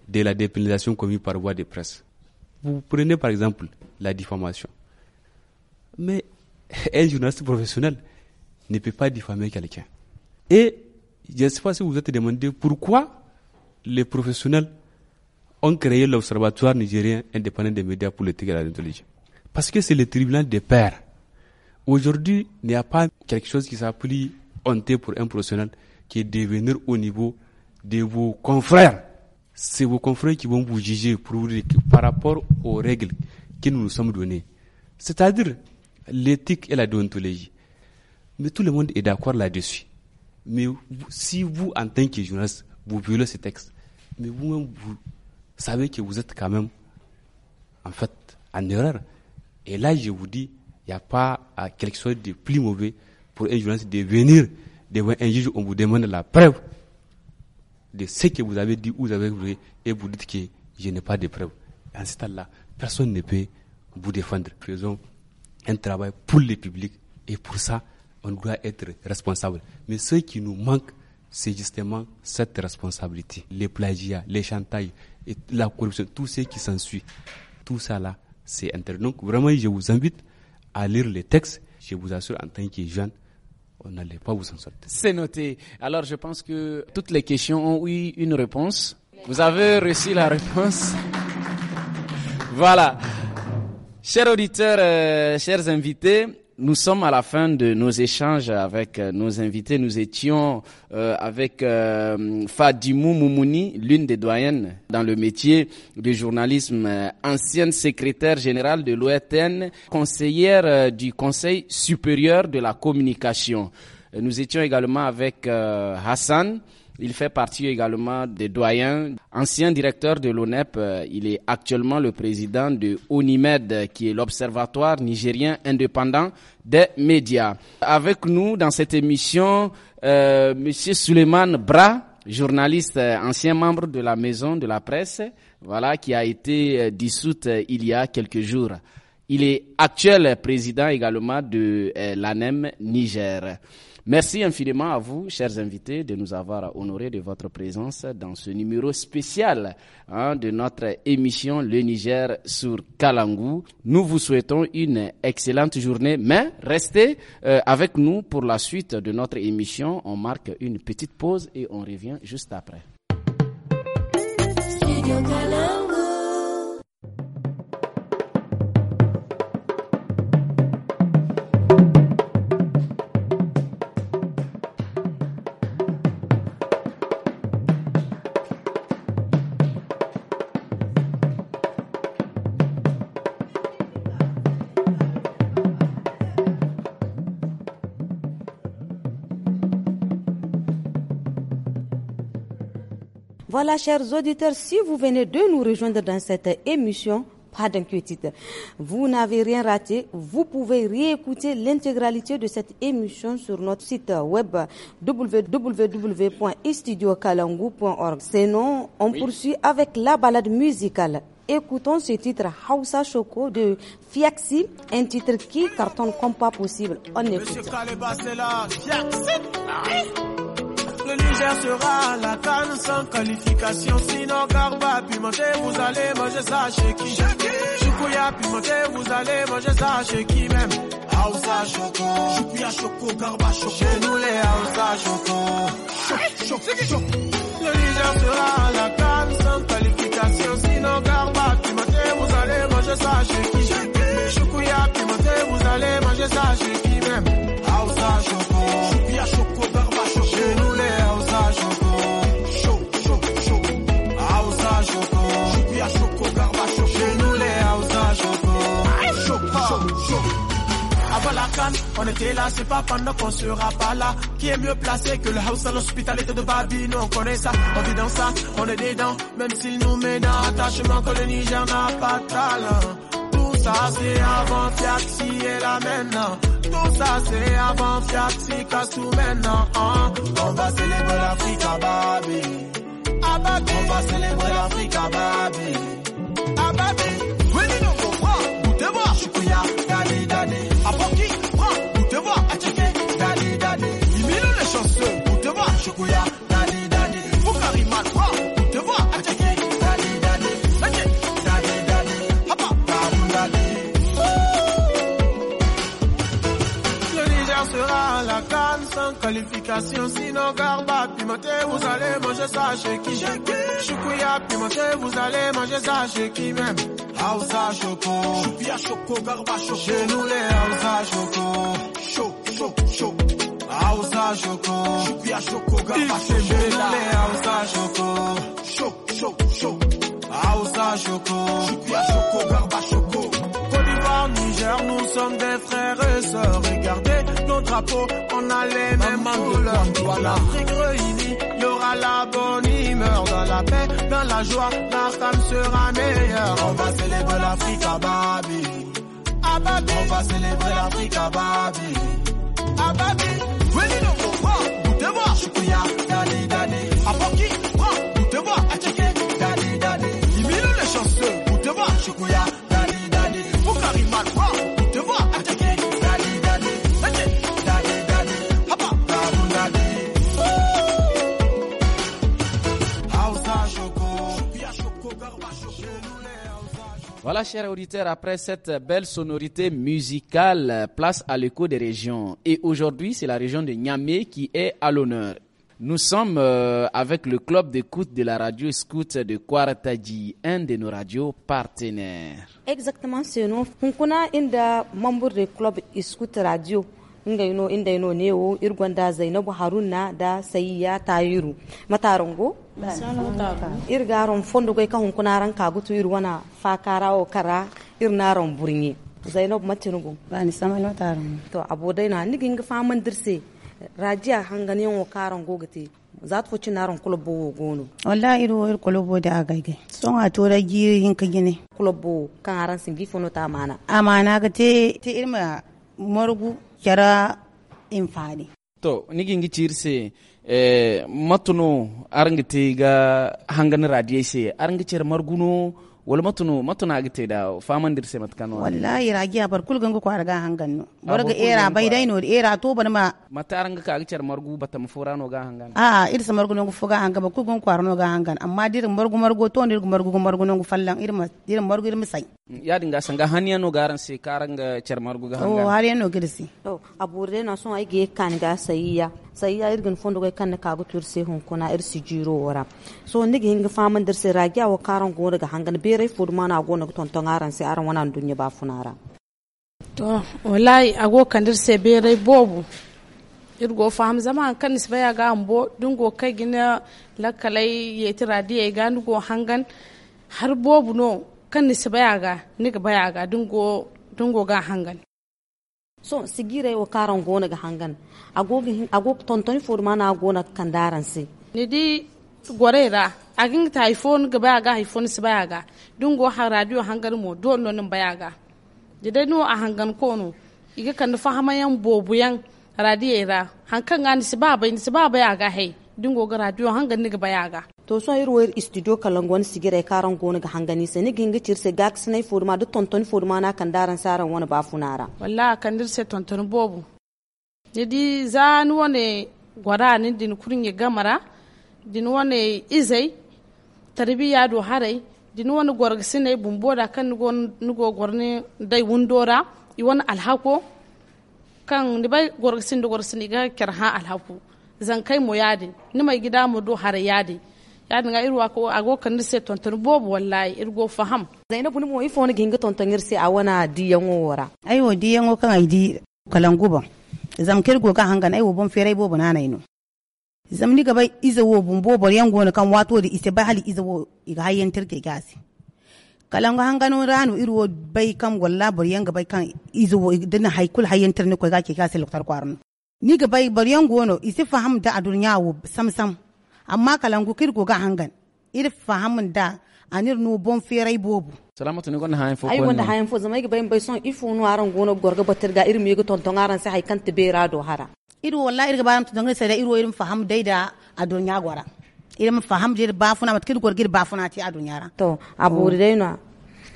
de la dépénalisation commise par voie de presse. Vous prenez par exemple la diffamation. Mais un journaliste professionnel ne peut pas diffamer quelqu'un. Et je ne sais pas si vous vous êtes demandé pourquoi les professionnels ont créé l'Observatoire nigérien indépendant des médias politiques et de l'intelligence. Parce que c'est le tribunal des pairs. Aujourd'hui, il n'y a pas quelque chose qui s'appelle honte pour un professionnel qui est devenir au niveau de vos confrères. C'est vos confrères qui vont vous juger pour par rapport aux règles que nous nous sommes données. C'est-à-dire l'éthique et la déontologie. Mais tout le monde est d'accord là-dessus. Mais si vous, en tant que journaliste, vous violez ces textes, mais vous-même, vous savez que vous êtes quand même, en fait, en erreur. Et là, je vous dis, il n'y a pas quelque chose de plus mauvais pour un journaliste de venir devant un juge, on vous demande la preuve de ce que vous avez dit, vous avez voulu, et vous dites que je n'ai pas de preuve. En ce temps-là, personne ne peut vous défendre. Faisons un travail pour le public et pour ça, on doit être responsable. Mais ce qui nous manque, c'est justement cette responsabilité. Les plagiats, les chantages, et la corruption, tout ce qui s'ensuit, tout ça là, c'est interdit. Donc vraiment, je vous invite à lire les textes. Je vous assure, en tant que jeune, on n'allait pas vous en sortir. C'est noté. Alors je pense que toutes les questions ont eu une réponse. Vous avez reçu la réponse. (laughs) Voilà. Chers auditeurs, euh, chers invités, nous sommes à la fin de nos échanges avec euh, nos invités. Nous étions euh, avec euh, Fadimou Moumouni, l'une des doyennes dans le métier du journalisme, euh, ancienne secrétaire générale de l'OETN, conseillère du Conseil supérieur de la communication. Nous étions également avec Hassan, il fait partie également des doyens. Ancien directeur de l'ONEP, euh, il est actuellement le président de ONIMED, euh, qui est l'Observatoire nigérien indépendant des médias. Avec nous dans cette émission, M. Euh, Monsieur Suleiman Bra, journaliste, ancien membre de la Maison de la Presse, voilà, qui a été dissoute il y a quelques jours. Il est actuel président également de l'ANEM Niger. Merci infiniment à vous, chers invités, de nous avoir honorés de votre présence dans ce numéro spécial hein, de notre émission Le Niger sur Kalangou. Nous vous souhaitons une excellente journée, mais restez euh, avec nous pour la suite de notre émission. On marque une petite pause et on revient juste après. Voilà, chers auditeurs, si vous venez de nous rejoindre dans cette émission, pas d'inquiétude. Vous n'avez rien raté. Vous pouvez réécouter l'intégralité de cette émission sur notre site web www.istudiokalangu.org. Sinon, on poursuit avec la balade musicale. Écoutons ce titre Hausa Choco de Fiaxi, un titre qui cartonne comme pas possible. On écoute. Monsieur le Niger sera la canne sans qualification. Sinon, Garba pimenté, vous allez manger ça chez qui Choukouya pimenté, vous allez manger ça chez qui même Aoussa Choco, Choukouya Choco, Garba Choco. Chez nous les Aoussa Choco. Le Niger sera la canne sans qualification. Sinon, Garba pimenté, vous allez manger ça chez qui Choukouya pimenté, vous allez manger ça chez qui même Aoussa Choco. On était là, c'est pas pendant qu'on sera pas là. Qui est mieux placé que le house à l'hospitalité de Nous On connaît ça, on vit dans ça, on est dedans. Même s'il nous mène dans attachement que le Niger n'a pas talent. Tout ça c'est avant si et la maintenant. Tout ça c'est avant si casse tout ah, maintenant. Ah. On va célébrer l'Afrique à Babi. On va célébrer l'Afrique à Station Sino Garba, pimenté, vous allez manger ça chez qui j'ai. vous allez manger ça chez qui même Aousa Choco, Choupia Choco, Garba Choco Chez nous les Choco Hausa Choco, Choupia Choco, Garba Choco Chez nous Garba nous sommes des frères et sœurs. Regardez nos drapeaux, on a les mêmes couleurs. Voilà, l'Afrique il y aura la bonne humeur. Dans la paix, dans la joie, la femme sera meilleure. On va célébrer l'Afrique à Babi. On va célébrer l'Afrique à Babi. À Babi. Venez nous voir, vous Chukuya, Dali, Dali. Aboki, prends, vous moi Acheké, Dali, Dali. Imile les chanceux, vous Chukuya, Voilà, chers auditeurs, après cette belle sonorité musicale, place à l'écho des régions. Et aujourd'hui, c'est la région de Nyamé qui est à l'honneur. Nous sommes euh, avec le club d'écoute de la radio scout de Kwarataji, un de nos radios partenaires. Exactement, c'est nous. Nous sommes un membres du club scout radio. nga ino inda ino ne irgon irgonda zainabu haruna da sayiya tayiru matarongo irgaron fondo kai kahun kunaran kagutu irwana fakarawo kara irnaron burni zainabu matinugu bani samal matarango to abodai na nigin ga faman dirse rajia hangane yon karan gogate za ta fuci naron kulubu gono. Wala iri wayar kulubu da gaigai. Son a tora girin ka gine. Kulubu kan haran sin gifo mana. ta amana. ga te te irma morgu kɛra imfani to ni gingi cirse eh, matuno te ga hangani radiyese arangi cer marguno wala matuno matuna agite da famandir se matkano wallahi a bar kul gangu ko arga bar ga era bai dai no era to ban ma mata aranga ka agcer margu batam no ga hangan a ah, sa margu no fuga hangan ba kulgan gangu ko arno ga hangan amma dir margu margu to dir margu margu no fallan irma dir margu irma misai yadin dinga sanga hanya n'o garan se karanga eh, charmar ga hanga oh har n'o girsi to oh, abure na son aige kan ga sayiya sayiya irgin fondo ga kan ka gutur se hun kuna irsi jiro wara so nigi hinga faman dir se ragiya wa karan go daga hangan bere fudma na go na ton ton aran se aran wana dunya ba funara to wallahi ago kan dir se bere bobu irgo faham zama kan nisbaya ga ambo dungo kai gina lakalai yetira radiya ga go hangan har bobu no kan ni si bayaga ni ga bayaga dingo dingo ga hangan so sigire wa karan gona ga hangan agogi agog tontoni ma na gona kandaran si ni di gorera agin ta iphone ga bayaga iphone si bayaga dingo ha radio hangan mo dole nin bayaga di dai no a hangan kono iga kan fahama yan bobu yan ra hankan ga ni si baba ni si baba ya ga hai dingo ga radio hangan niga bayaga to so hayr wer studio kalangon sigire karan gona ga hangani se ni ginga cirse gak sinai forma do tonton forma na kan daran saran wani ba funara walla kan dirse tonton bobu ni di zan wone gwara ni din kurin kurnye gamara din wone izai tarbiya do harai din wani gwarga sinai bumboda kan nigo gwarni dai wundora i wani alhako kan ni bai gwarga sin do gwarga sin iga kirha alhaku zan kai mo yadi ni mai gida mu do har yadi yadi ga irwa ko ago kan ni se tonton bobu wallahi irgo faham zainabu ni mo ifo ni ginga tonton irse a wana diyan wara. aiwo diyan wo kan aidi kalanguban zam kirgo ga hangan wo bon ferai bobu nanai no zam ni gaba iza wo bon bobar yango ne kan wato di ise bai hali iza wo iga hayen tirke gasi kalango hangano ranu irwo bai kan wallahi bur yanga bai kan iza wo dinna haikul hayen tirne ko ke gasi loktar kwarno ni ga bai yan gono isi faham da a duniya wo sam sam amma kalangu kirgo ga hangan ir fahamun da anir no bon ferai bobu salamatu ni gonna hayan fo ay wanda hayan fo zama ga bai bai son ifu no aran gono gorga batir ga ir mi ga ton aran sai kan te tibera do hara ir walla ir ga bayam tonton sai da ir irin faham dai da a duniya gora irin faham je bafuna mat kirgo gir bafuna ti a duniya ra to abu dai na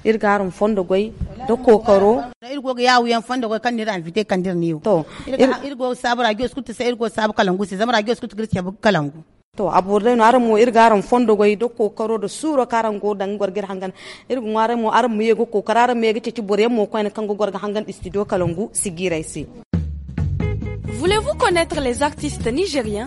ir garum fondo goy do kokaro irgo yawu yan fondo goy kan nira invite kan dir niu to ir go sabra gyo skut se go sab kalangu se zamra gyo skut gritya kalangu to aburde no mo ir harum fondo goy do kokaro do suro karango dan gorgir hangan ir irgo ngaramu aramu yego kokara aramu yego cici bore mo ko en kango gorga hangan studio kalangu sigirai si Voulez-vous connaître les artistes nigériens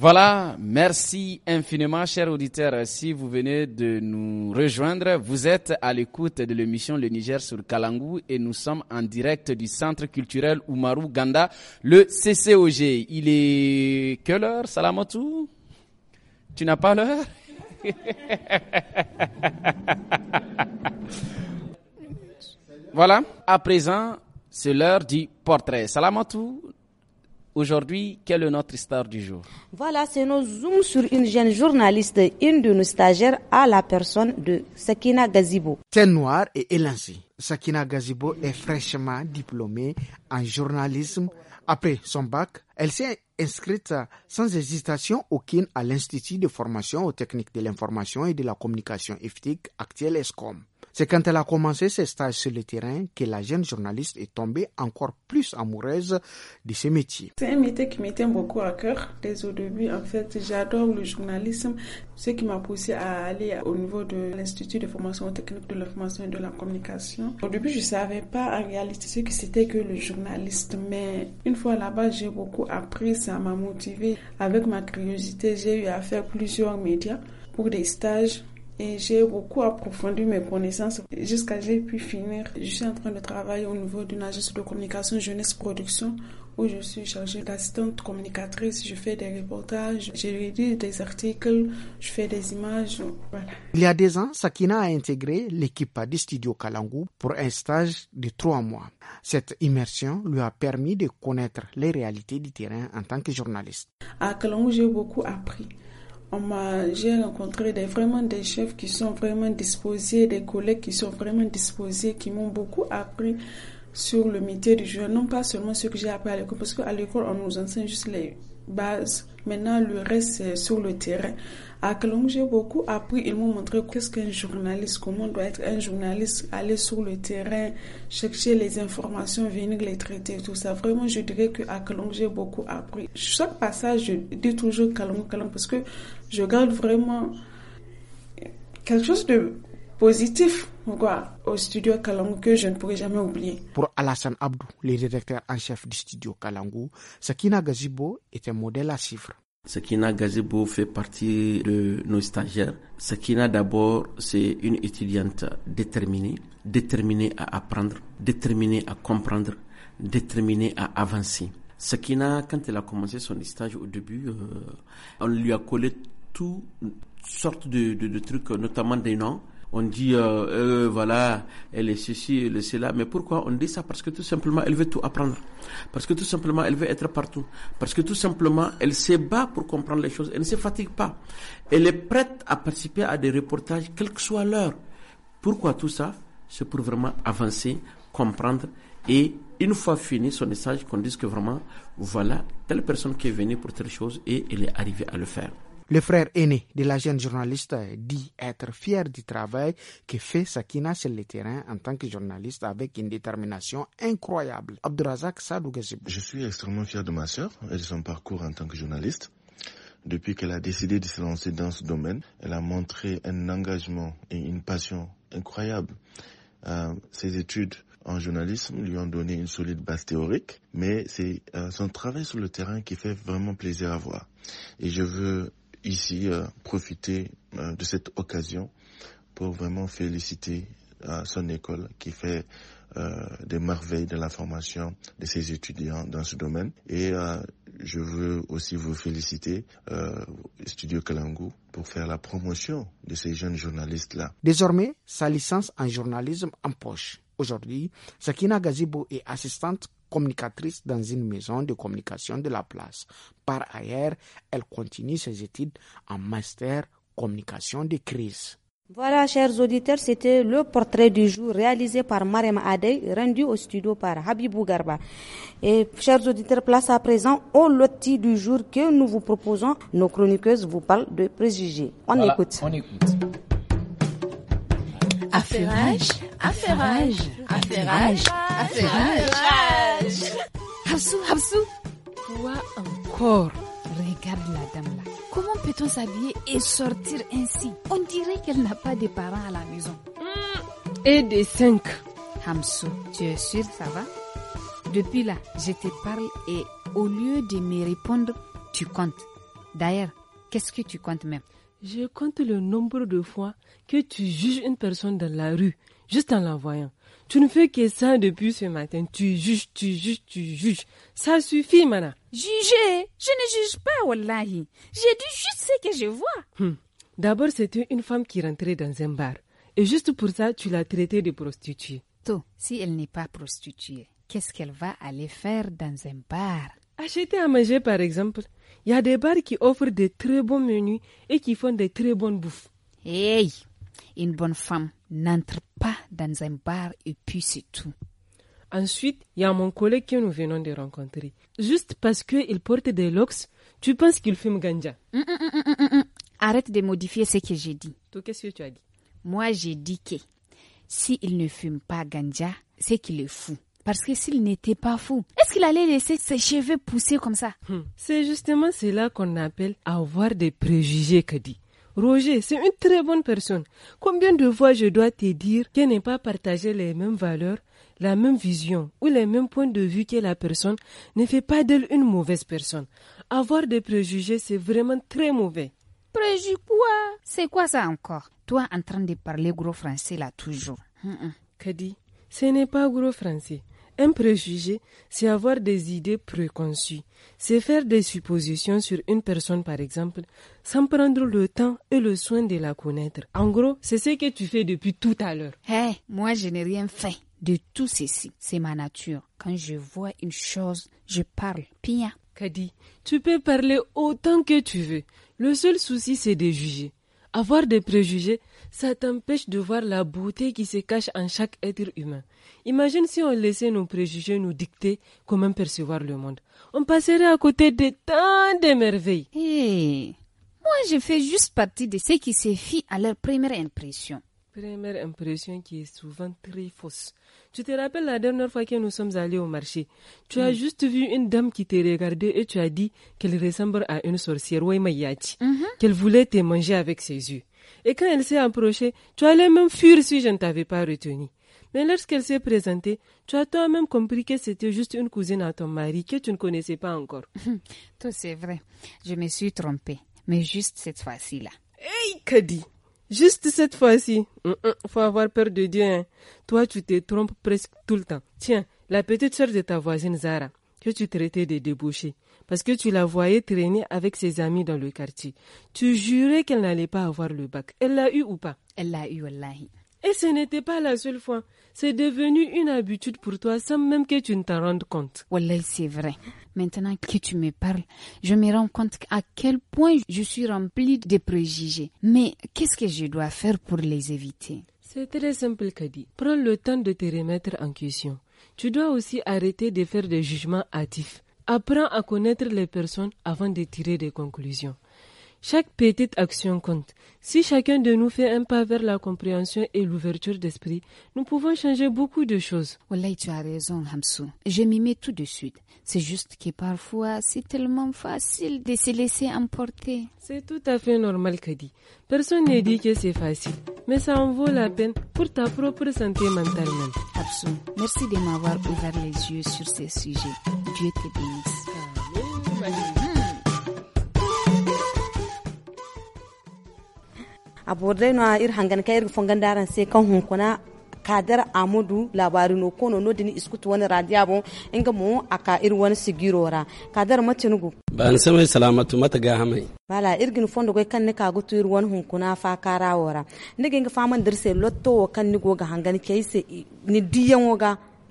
Voilà, merci infiniment, chers auditeurs. Si vous venez de nous rejoindre, vous êtes à l'écoute de l'émission Le Niger sur Kalangou et nous sommes en direct du Centre culturel Oumarou Ganda, le CCOG. Il est que heure, Salamatou Tu n'as pas l'heure (laughs) Voilà, à présent, c'est l'heure du portrait. Salamatou, Aujourd'hui, quelle est notre histoire du jour Voilà, c'est nos zooms sur une jeune journaliste, une de nos stagiaires, à la personne de Sakina Gazibo. Tête noire et élancée, Sakina Gazibo est fraîchement diplômée en journalisme. Après son bac, elle s'est inscrite sans hésitation aucune à l'Institut de formation aux techniques de l'information et de la communication éthique actuel ESCOM. C'est quand elle a commencé ses stages sur le terrain que la jeune journaliste est tombée encore plus amoureuse de ce métier. C'est un métier qui m'était beaucoup à cœur. Dès au début, en fait, j'adore le journalisme, ce qui m'a poussé à aller au niveau de l'Institut de formation technique de l'information et de la communication. Au début, je ne savais pas en réalité ce que c'était que le journaliste, mais une fois là-bas, j'ai beaucoup appris, ça m'a motivée. Avec ma curiosité, j'ai eu à faire plusieurs médias pour des stages et j'ai beaucoup approfondi mes connaissances jusqu'à ce que j'ai pu finir. Je suis en train de travailler au niveau d'une agence de communication jeunesse production où je suis chargée d'assistante communicatrice. Je fais des reportages, je rédige des articles, je fais des images. Il y a des ans, Sakina a intégré l'équipe des studios Kalangou pour un stage de trois mois. Cette immersion lui a permis de connaître les réalités du terrain en tant que journaliste. À Kalangou, j'ai beaucoup appris m'a, j'ai rencontré des, vraiment des chefs qui sont vraiment disposés, des collègues qui sont vraiment disposés, qui m'ont beaucoup appris sur le métier du jeu, non pas seulement ce que j'ai appris à l'école, parce qu'à l'école, on nous enseigne juste les bases. Maintenant, le reste, c'est sur le terrain. À Kalong, j'ai beaucoup appris. Ils m'ont montré qu'est-ce qu'un journaliste, comment doit être un journaliste, aller sur le terrain, chercher les informations, venir les traiter, tout ça. Vraiment, je dirais qu'à Kalong, j'ai beaucoup appris. Chaque passage, je dis toujours Kalong, Kalong, parce que je garde vraiment quelque chose de positif quoi, au studio Kalangu que je ne pourrai jamais oublier. Pour Alassane Abdou, le directeur en chef du studio Kalangu, Sakina Gazibo est un modèle à suivre. Sakina Gazebo fait partie de nos stagiaires. Sakina d'abord, c'est une étudiante déterminée, déterminée à apprendre, déterminée à comprendre, déterminée à avancer. Sakina, quand elle a commencé son stage au début, euh, on lui a collé toutes sortes de trucs, notamment des noms on dit euh, euh, voilà, elle est ceci, elle est cela. Mais pourquoi on dit ça Parce que tout simplement, elle veut tout apprendre. Parce que tout simplement, elle veut être partout. Parce que tout simplement, elle se bat pour comprendre les choses. Elle ne se fatigue pas. Elle est prête à participer à des reportages, quelle que soit l'heure. Pourquoi tout ça C'est pour vraiment avancer, comprendre et une fois fini son message, qu'on dise que vraiment, voilà, telle personne qui est venue pour telle chose et elle est arrivée à le faire. Le frère aîné de la jeune journaliste dit être fier du travail que fait Sakina sur le terrain en tant que journaliste avec une détermination incroyable. Abdurazak Sadougazib. Je suis extrêmement fier de ma sœur et de son parcours en tant que journaliste. Depuis qu'elle a décidé de se lancer dans ce domaine, elle a montré un engagement et une passion incroyables. Euh, ses études en journalisme lui ont donné une solide base théorique, mais c'est euh, son travail sur le terrain qui fait vraiment plaisir à voir. Et je veux ici euh, profiter euh, de cette occasion pour vraiment féliciter euh, son école qui fait des merveilles de la formation de ses étudiants dans ce domaine. Et je veux aussi vous féliciter, Studio Kalangu, pour faire la promotion de ces jeunes journalistes-là. Désormais, sa licence en journalisme en poche. Aujourd'hui, Sakina Gazibo est assistante communicatrice dans une maison de communication de la place. Par ailleurs, elle continue ses études en master communication de crise. Voilà, chers auditeurs, c'était le portrait du jour réalisé par Marem Adey, rendu au studio par Habibou Garba. Et chers auditeurs, place à présent au loti du jour que nous vous proposons. Nos chroniqueuses vous parlent de préjugés. On écoute. Affairage, affairage, affairage, affairage. Hamsou, Hamsou. toi encore. Regarde la dame là. Comment peut-on s'habiller et sortir ainsi On dirait qu'elle n'a pas de parents à la maison. Hmm, et des cinq. Hamsou, tu es sûr, ça va Depuis là, je te parle et au lieu de me répondre, tu comptes. D'ailleurs, qu'est-ce que tu comptes même je compte le nombre de fois que tu juges une personne dans la rue, juste en la voyant. Tu ne fais que ça depuis ce matin. Tu juges, tu juges, tu juges. Ça suffit, Mana. Juger Je ne juge pas, Wallahi. J'ai dit juste ce que je vois. Hmm. D'abord, c'était une femme qui rentrait dans un bar. Et juste pour ça, tu l'as traitée de prostituée. To, si elle n'est pas prostituée, qu'est-ce qu'elle va aller faire dans un bar Acheter à manger, par exemple. Il y a des bars qui offrent des très bons menus et qui font des très bonnes bouffes. Hey, une bonne femme n'entre pas dans un bar et puis c'est tout. Ensuite, il y a mon collègue que nous venons de rencontrer. Juste parce qu'il porte des locks, tu penses qu'il fume ganja. Hum, hum, hum, Arrête de modifier ce que j'ai dit. Toi, qu'est-ce que tu as dit Moi, j'ai dit que s'il ne fume pas ganja, c'est qu'il est fou. Parce que s'il n'était pas fou, est-ce qu'il allait laisser ses cheveux pousser comme ça hmm. C'est justement cela qu'on appelle avoir des préjugés, Kadi. Roger, c'est une très bonne personne. Combien de fois je dois te dire qu'elle n'est pas partagé les mêmes valeurs, la même vision ou les mêmes points de vue que la personne ne fait pas d'elle une mauvaise personne. Avoir des préjugés, c'est vraiment très mauvais. Préjugés quoi C'est quoi ça encore Toi en train de parler gros français là toujours. Hmm, hmm. Kadi, ce n'est pas gros français. Un préjugé, c'est avoir des idées préconçues, c'est faire des suppositions sur une personne, par exemple, sans prendre le temps et le soin de la connaître. En gros, c'est ce que tu fais depuis tout à l'heure. Hé, moi je n'ai rien fait de tout ceci. C'est ma nature. Quand je vois une chose, je parle. Pia. Kadi, tu peux parler autant que tu veux. Le seul souci, c'est de juger. Avoir des préjugés, ça t'empêche de voir la beauté qui se cache en chaque être humain. Imagine si on laissait nos préjugés nous dicter comment percevoir le monde. On passerait à côté de tant de merveilles. moi, je fais juste partie de ceux qui se fient à leur première impression. Première impression qui est souvent très fausse. Tu te rappelles la dernière fois que nous sommes allés au marché Tu as hmm. juste vu une dame qui t'a regardé et tu as dit qu'elle ressemble à une sorcière, Waymayati, mhm. qu'elle voulait te manger avec ses yeux. Et quand elle s'est approchée, tu allais même fuir si je ne t'avais pas retenu. Mais lorsqu'elle s'est présentée, tu as toi-même compris que c'était juste une cousine à ton mari que tu ne connaissais pas encore. (laughs) Tout c'est vrai. Je me suis trompée. Mais juste cette fois-ci-là. Hey, Kadi! Juste cette fois-ci. Mm, mm, faut avoir peur de Dieu. Hein. Toi, tu te trompes presque tout le temps. Tiens, la petite sœur de ta voisine Zara, que tu traitais de débouchée parce que tu la voyais traîner avec ses amis dans le quartier. Tu jurais qu'elle n'allait pas avoir le bac. Elle l'a eu ou pas Elle l'a eu, wallahi. Et ce n'était pas la seule fois. C'est devenu une habitude pour toi sans même que tu ne t'en rendes compte. Wallahi, c'est vrai. Maintenant que tu me parles, je me rends compte à quel point je suis remplie de préjugés. Mais qu'est-ce que je dois faire pour les éviter C'est très simple, Kadi. Prends le temps de te remettre en question. Tu dois aussi arrêter de faire des jugements hâtifs. Apprends à connaître les personnes avant de tirer des conclusions. Chaque petite action compte. Si chacun de nous fait un pas vers la compréhension et l'ouverture d'esprit, nous pouvons changer beaucoup de choses. Wallahi, tu as raison, Hamsou. Je m'y mets tout de suite. C'est juste que parfois, c'est tellement facile de se laisser emporter. C'est tout à fait normal, Kadi. Personne ne dit que c'est facile, mais ça en vaut la peine pour ta propre santé mentale Hamsou, merci de m'avoir ouvert les yeux sur ces sujets. Dieu te bénisse. abordeno ir hangan ka irga fongan daran sai kan hun kuna kadar amudu labaru no kono no dini iskutu wani bon inga mu aka ir wani sigirora kadar matinugu ban samai salamatu mata ga hamai bala irgin fondo koy kan ne ka gutu ir wani hun kuna fa karawora ndige inga faman dirse lotto kan ni goga hangan kai se ni diyan woga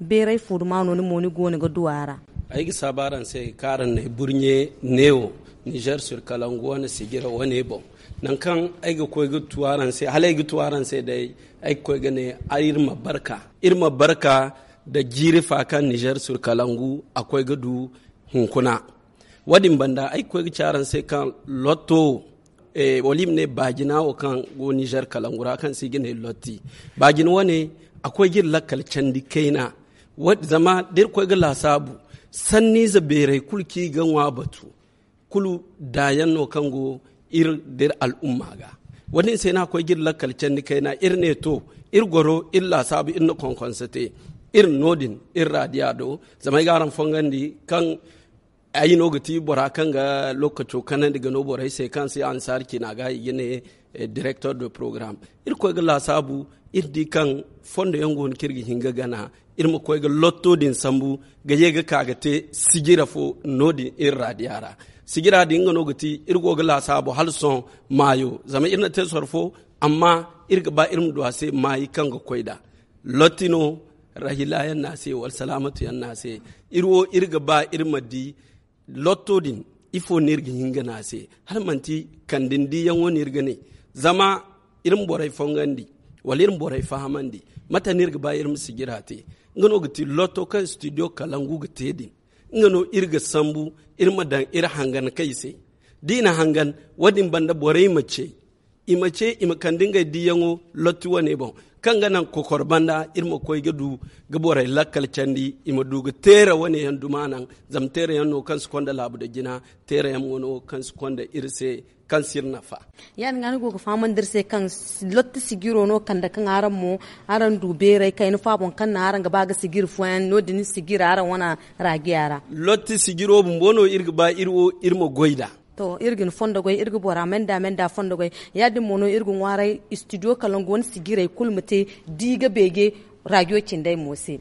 berai furmano ni moni goni ga duwara aiki sabaran sai karan ne burnye neo niger sur kalangu wani sigira wani bon nankan aiga ga tuwaranse sai halaiga tuwaran sai dai aiga koyga ne a irma barka irma barka da jiri fakan nijar sur kalangu akwai gadu hunkuna wadin banda ai koyga charan sai kan lotto e olim ne bajina o kan go nijar ra kan sigin he lotti bajin wane akwai gir lakal candi kaina wad zama dir ga lasabu sanni za berai kulki ganwa batu kulu dayan no kango ir der al'umma ga wani sai na koi gilla kalcen ni kai na ir ne to ir goro illa sabu in konkonsete ir nodin ir radiado zamai garan fongandi kan ayi nogati bora kan ga lokaco kan daga no bora sai kan sai ansar ki na ga yene eh, director de programme ir koi gilla sabu ir di kan fondo yongon kirgi hinga gana ir mu koi ga lotto din sambu ga yega kagate te sigira fo nodin ir radiara sigira dinga no gati irgo gala sabo hal son mayo zama irna te sorfo amma irga ba irin duwa sai mayi kanga koida lotino rahila yan nase wal salamatu yan nase irwo irga ba irma di din ifo nirgi hinga nase hal manti kandin di yan woni irga ne zama irin borai fongandi wal irin borai fahamandi mata nirga ba irin sigira te ngano gati lotto kan studio kalangu gati din ngano irga sambu irma dan ir hangan kaise dina hangan wadin banda bore mace imace ima kandinga diyango lotu wane bon kanga nan ko banda irma koy gadu gabore lakal candi ima duga tera wane yan dumanan zam tera yan kan sukonda labu da jina tera yan kan sukonda irse kansir sir nafa yani ngani go ko famandir se kan lotti sigiro no kan da kan aran mo aran dubere kai no fabon kan na aran ga ga sigir fuan no dini sigira aran wana ragi ara lotti bu mbono irga ba irwo irmo goida to irgin fondogoy irgi bora menda menda fondogoy yadi mono irgu ngwarai studio kalongon sigirai kulmate diga bege radio cindai mose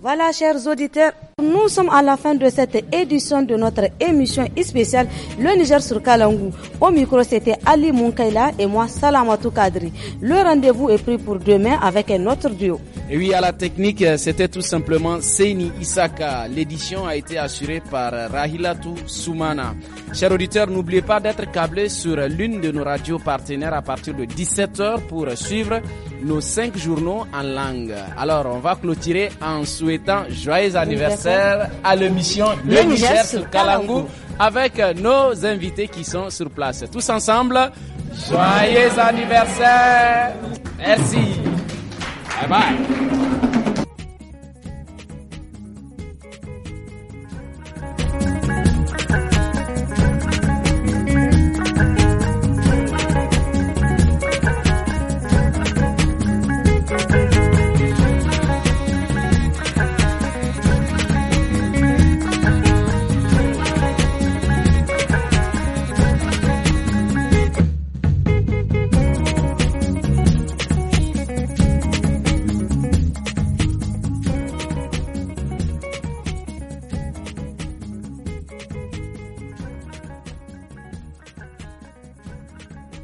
Voilà, chers auditeurs, nous sommes à la fin de cette édition de notre émission spéciale Le Niger sur Kalangou. Au micro, c'était Ali Munkaila et moi, Salamatou Kadri. Le rendez-vous est pris pour demain avec un autre duo. Et oui, à la technique, c'était tout simplement Seini Isaka. L'édition a été assurée par Rahilatou Soumana. Chers auditeurs, n'oubliez pas d'être câblé sur l'une de nos radios partenaires à partir de 17h pour suivre nos cinq journaux en langue. Alors, on va clôturer en souhaitant joyeux anniversaire à l'émission Le Niger avec euh, nos invités qui sont sur place. Tous ensemble, joyeux anniversaire. Merci. Bye bye.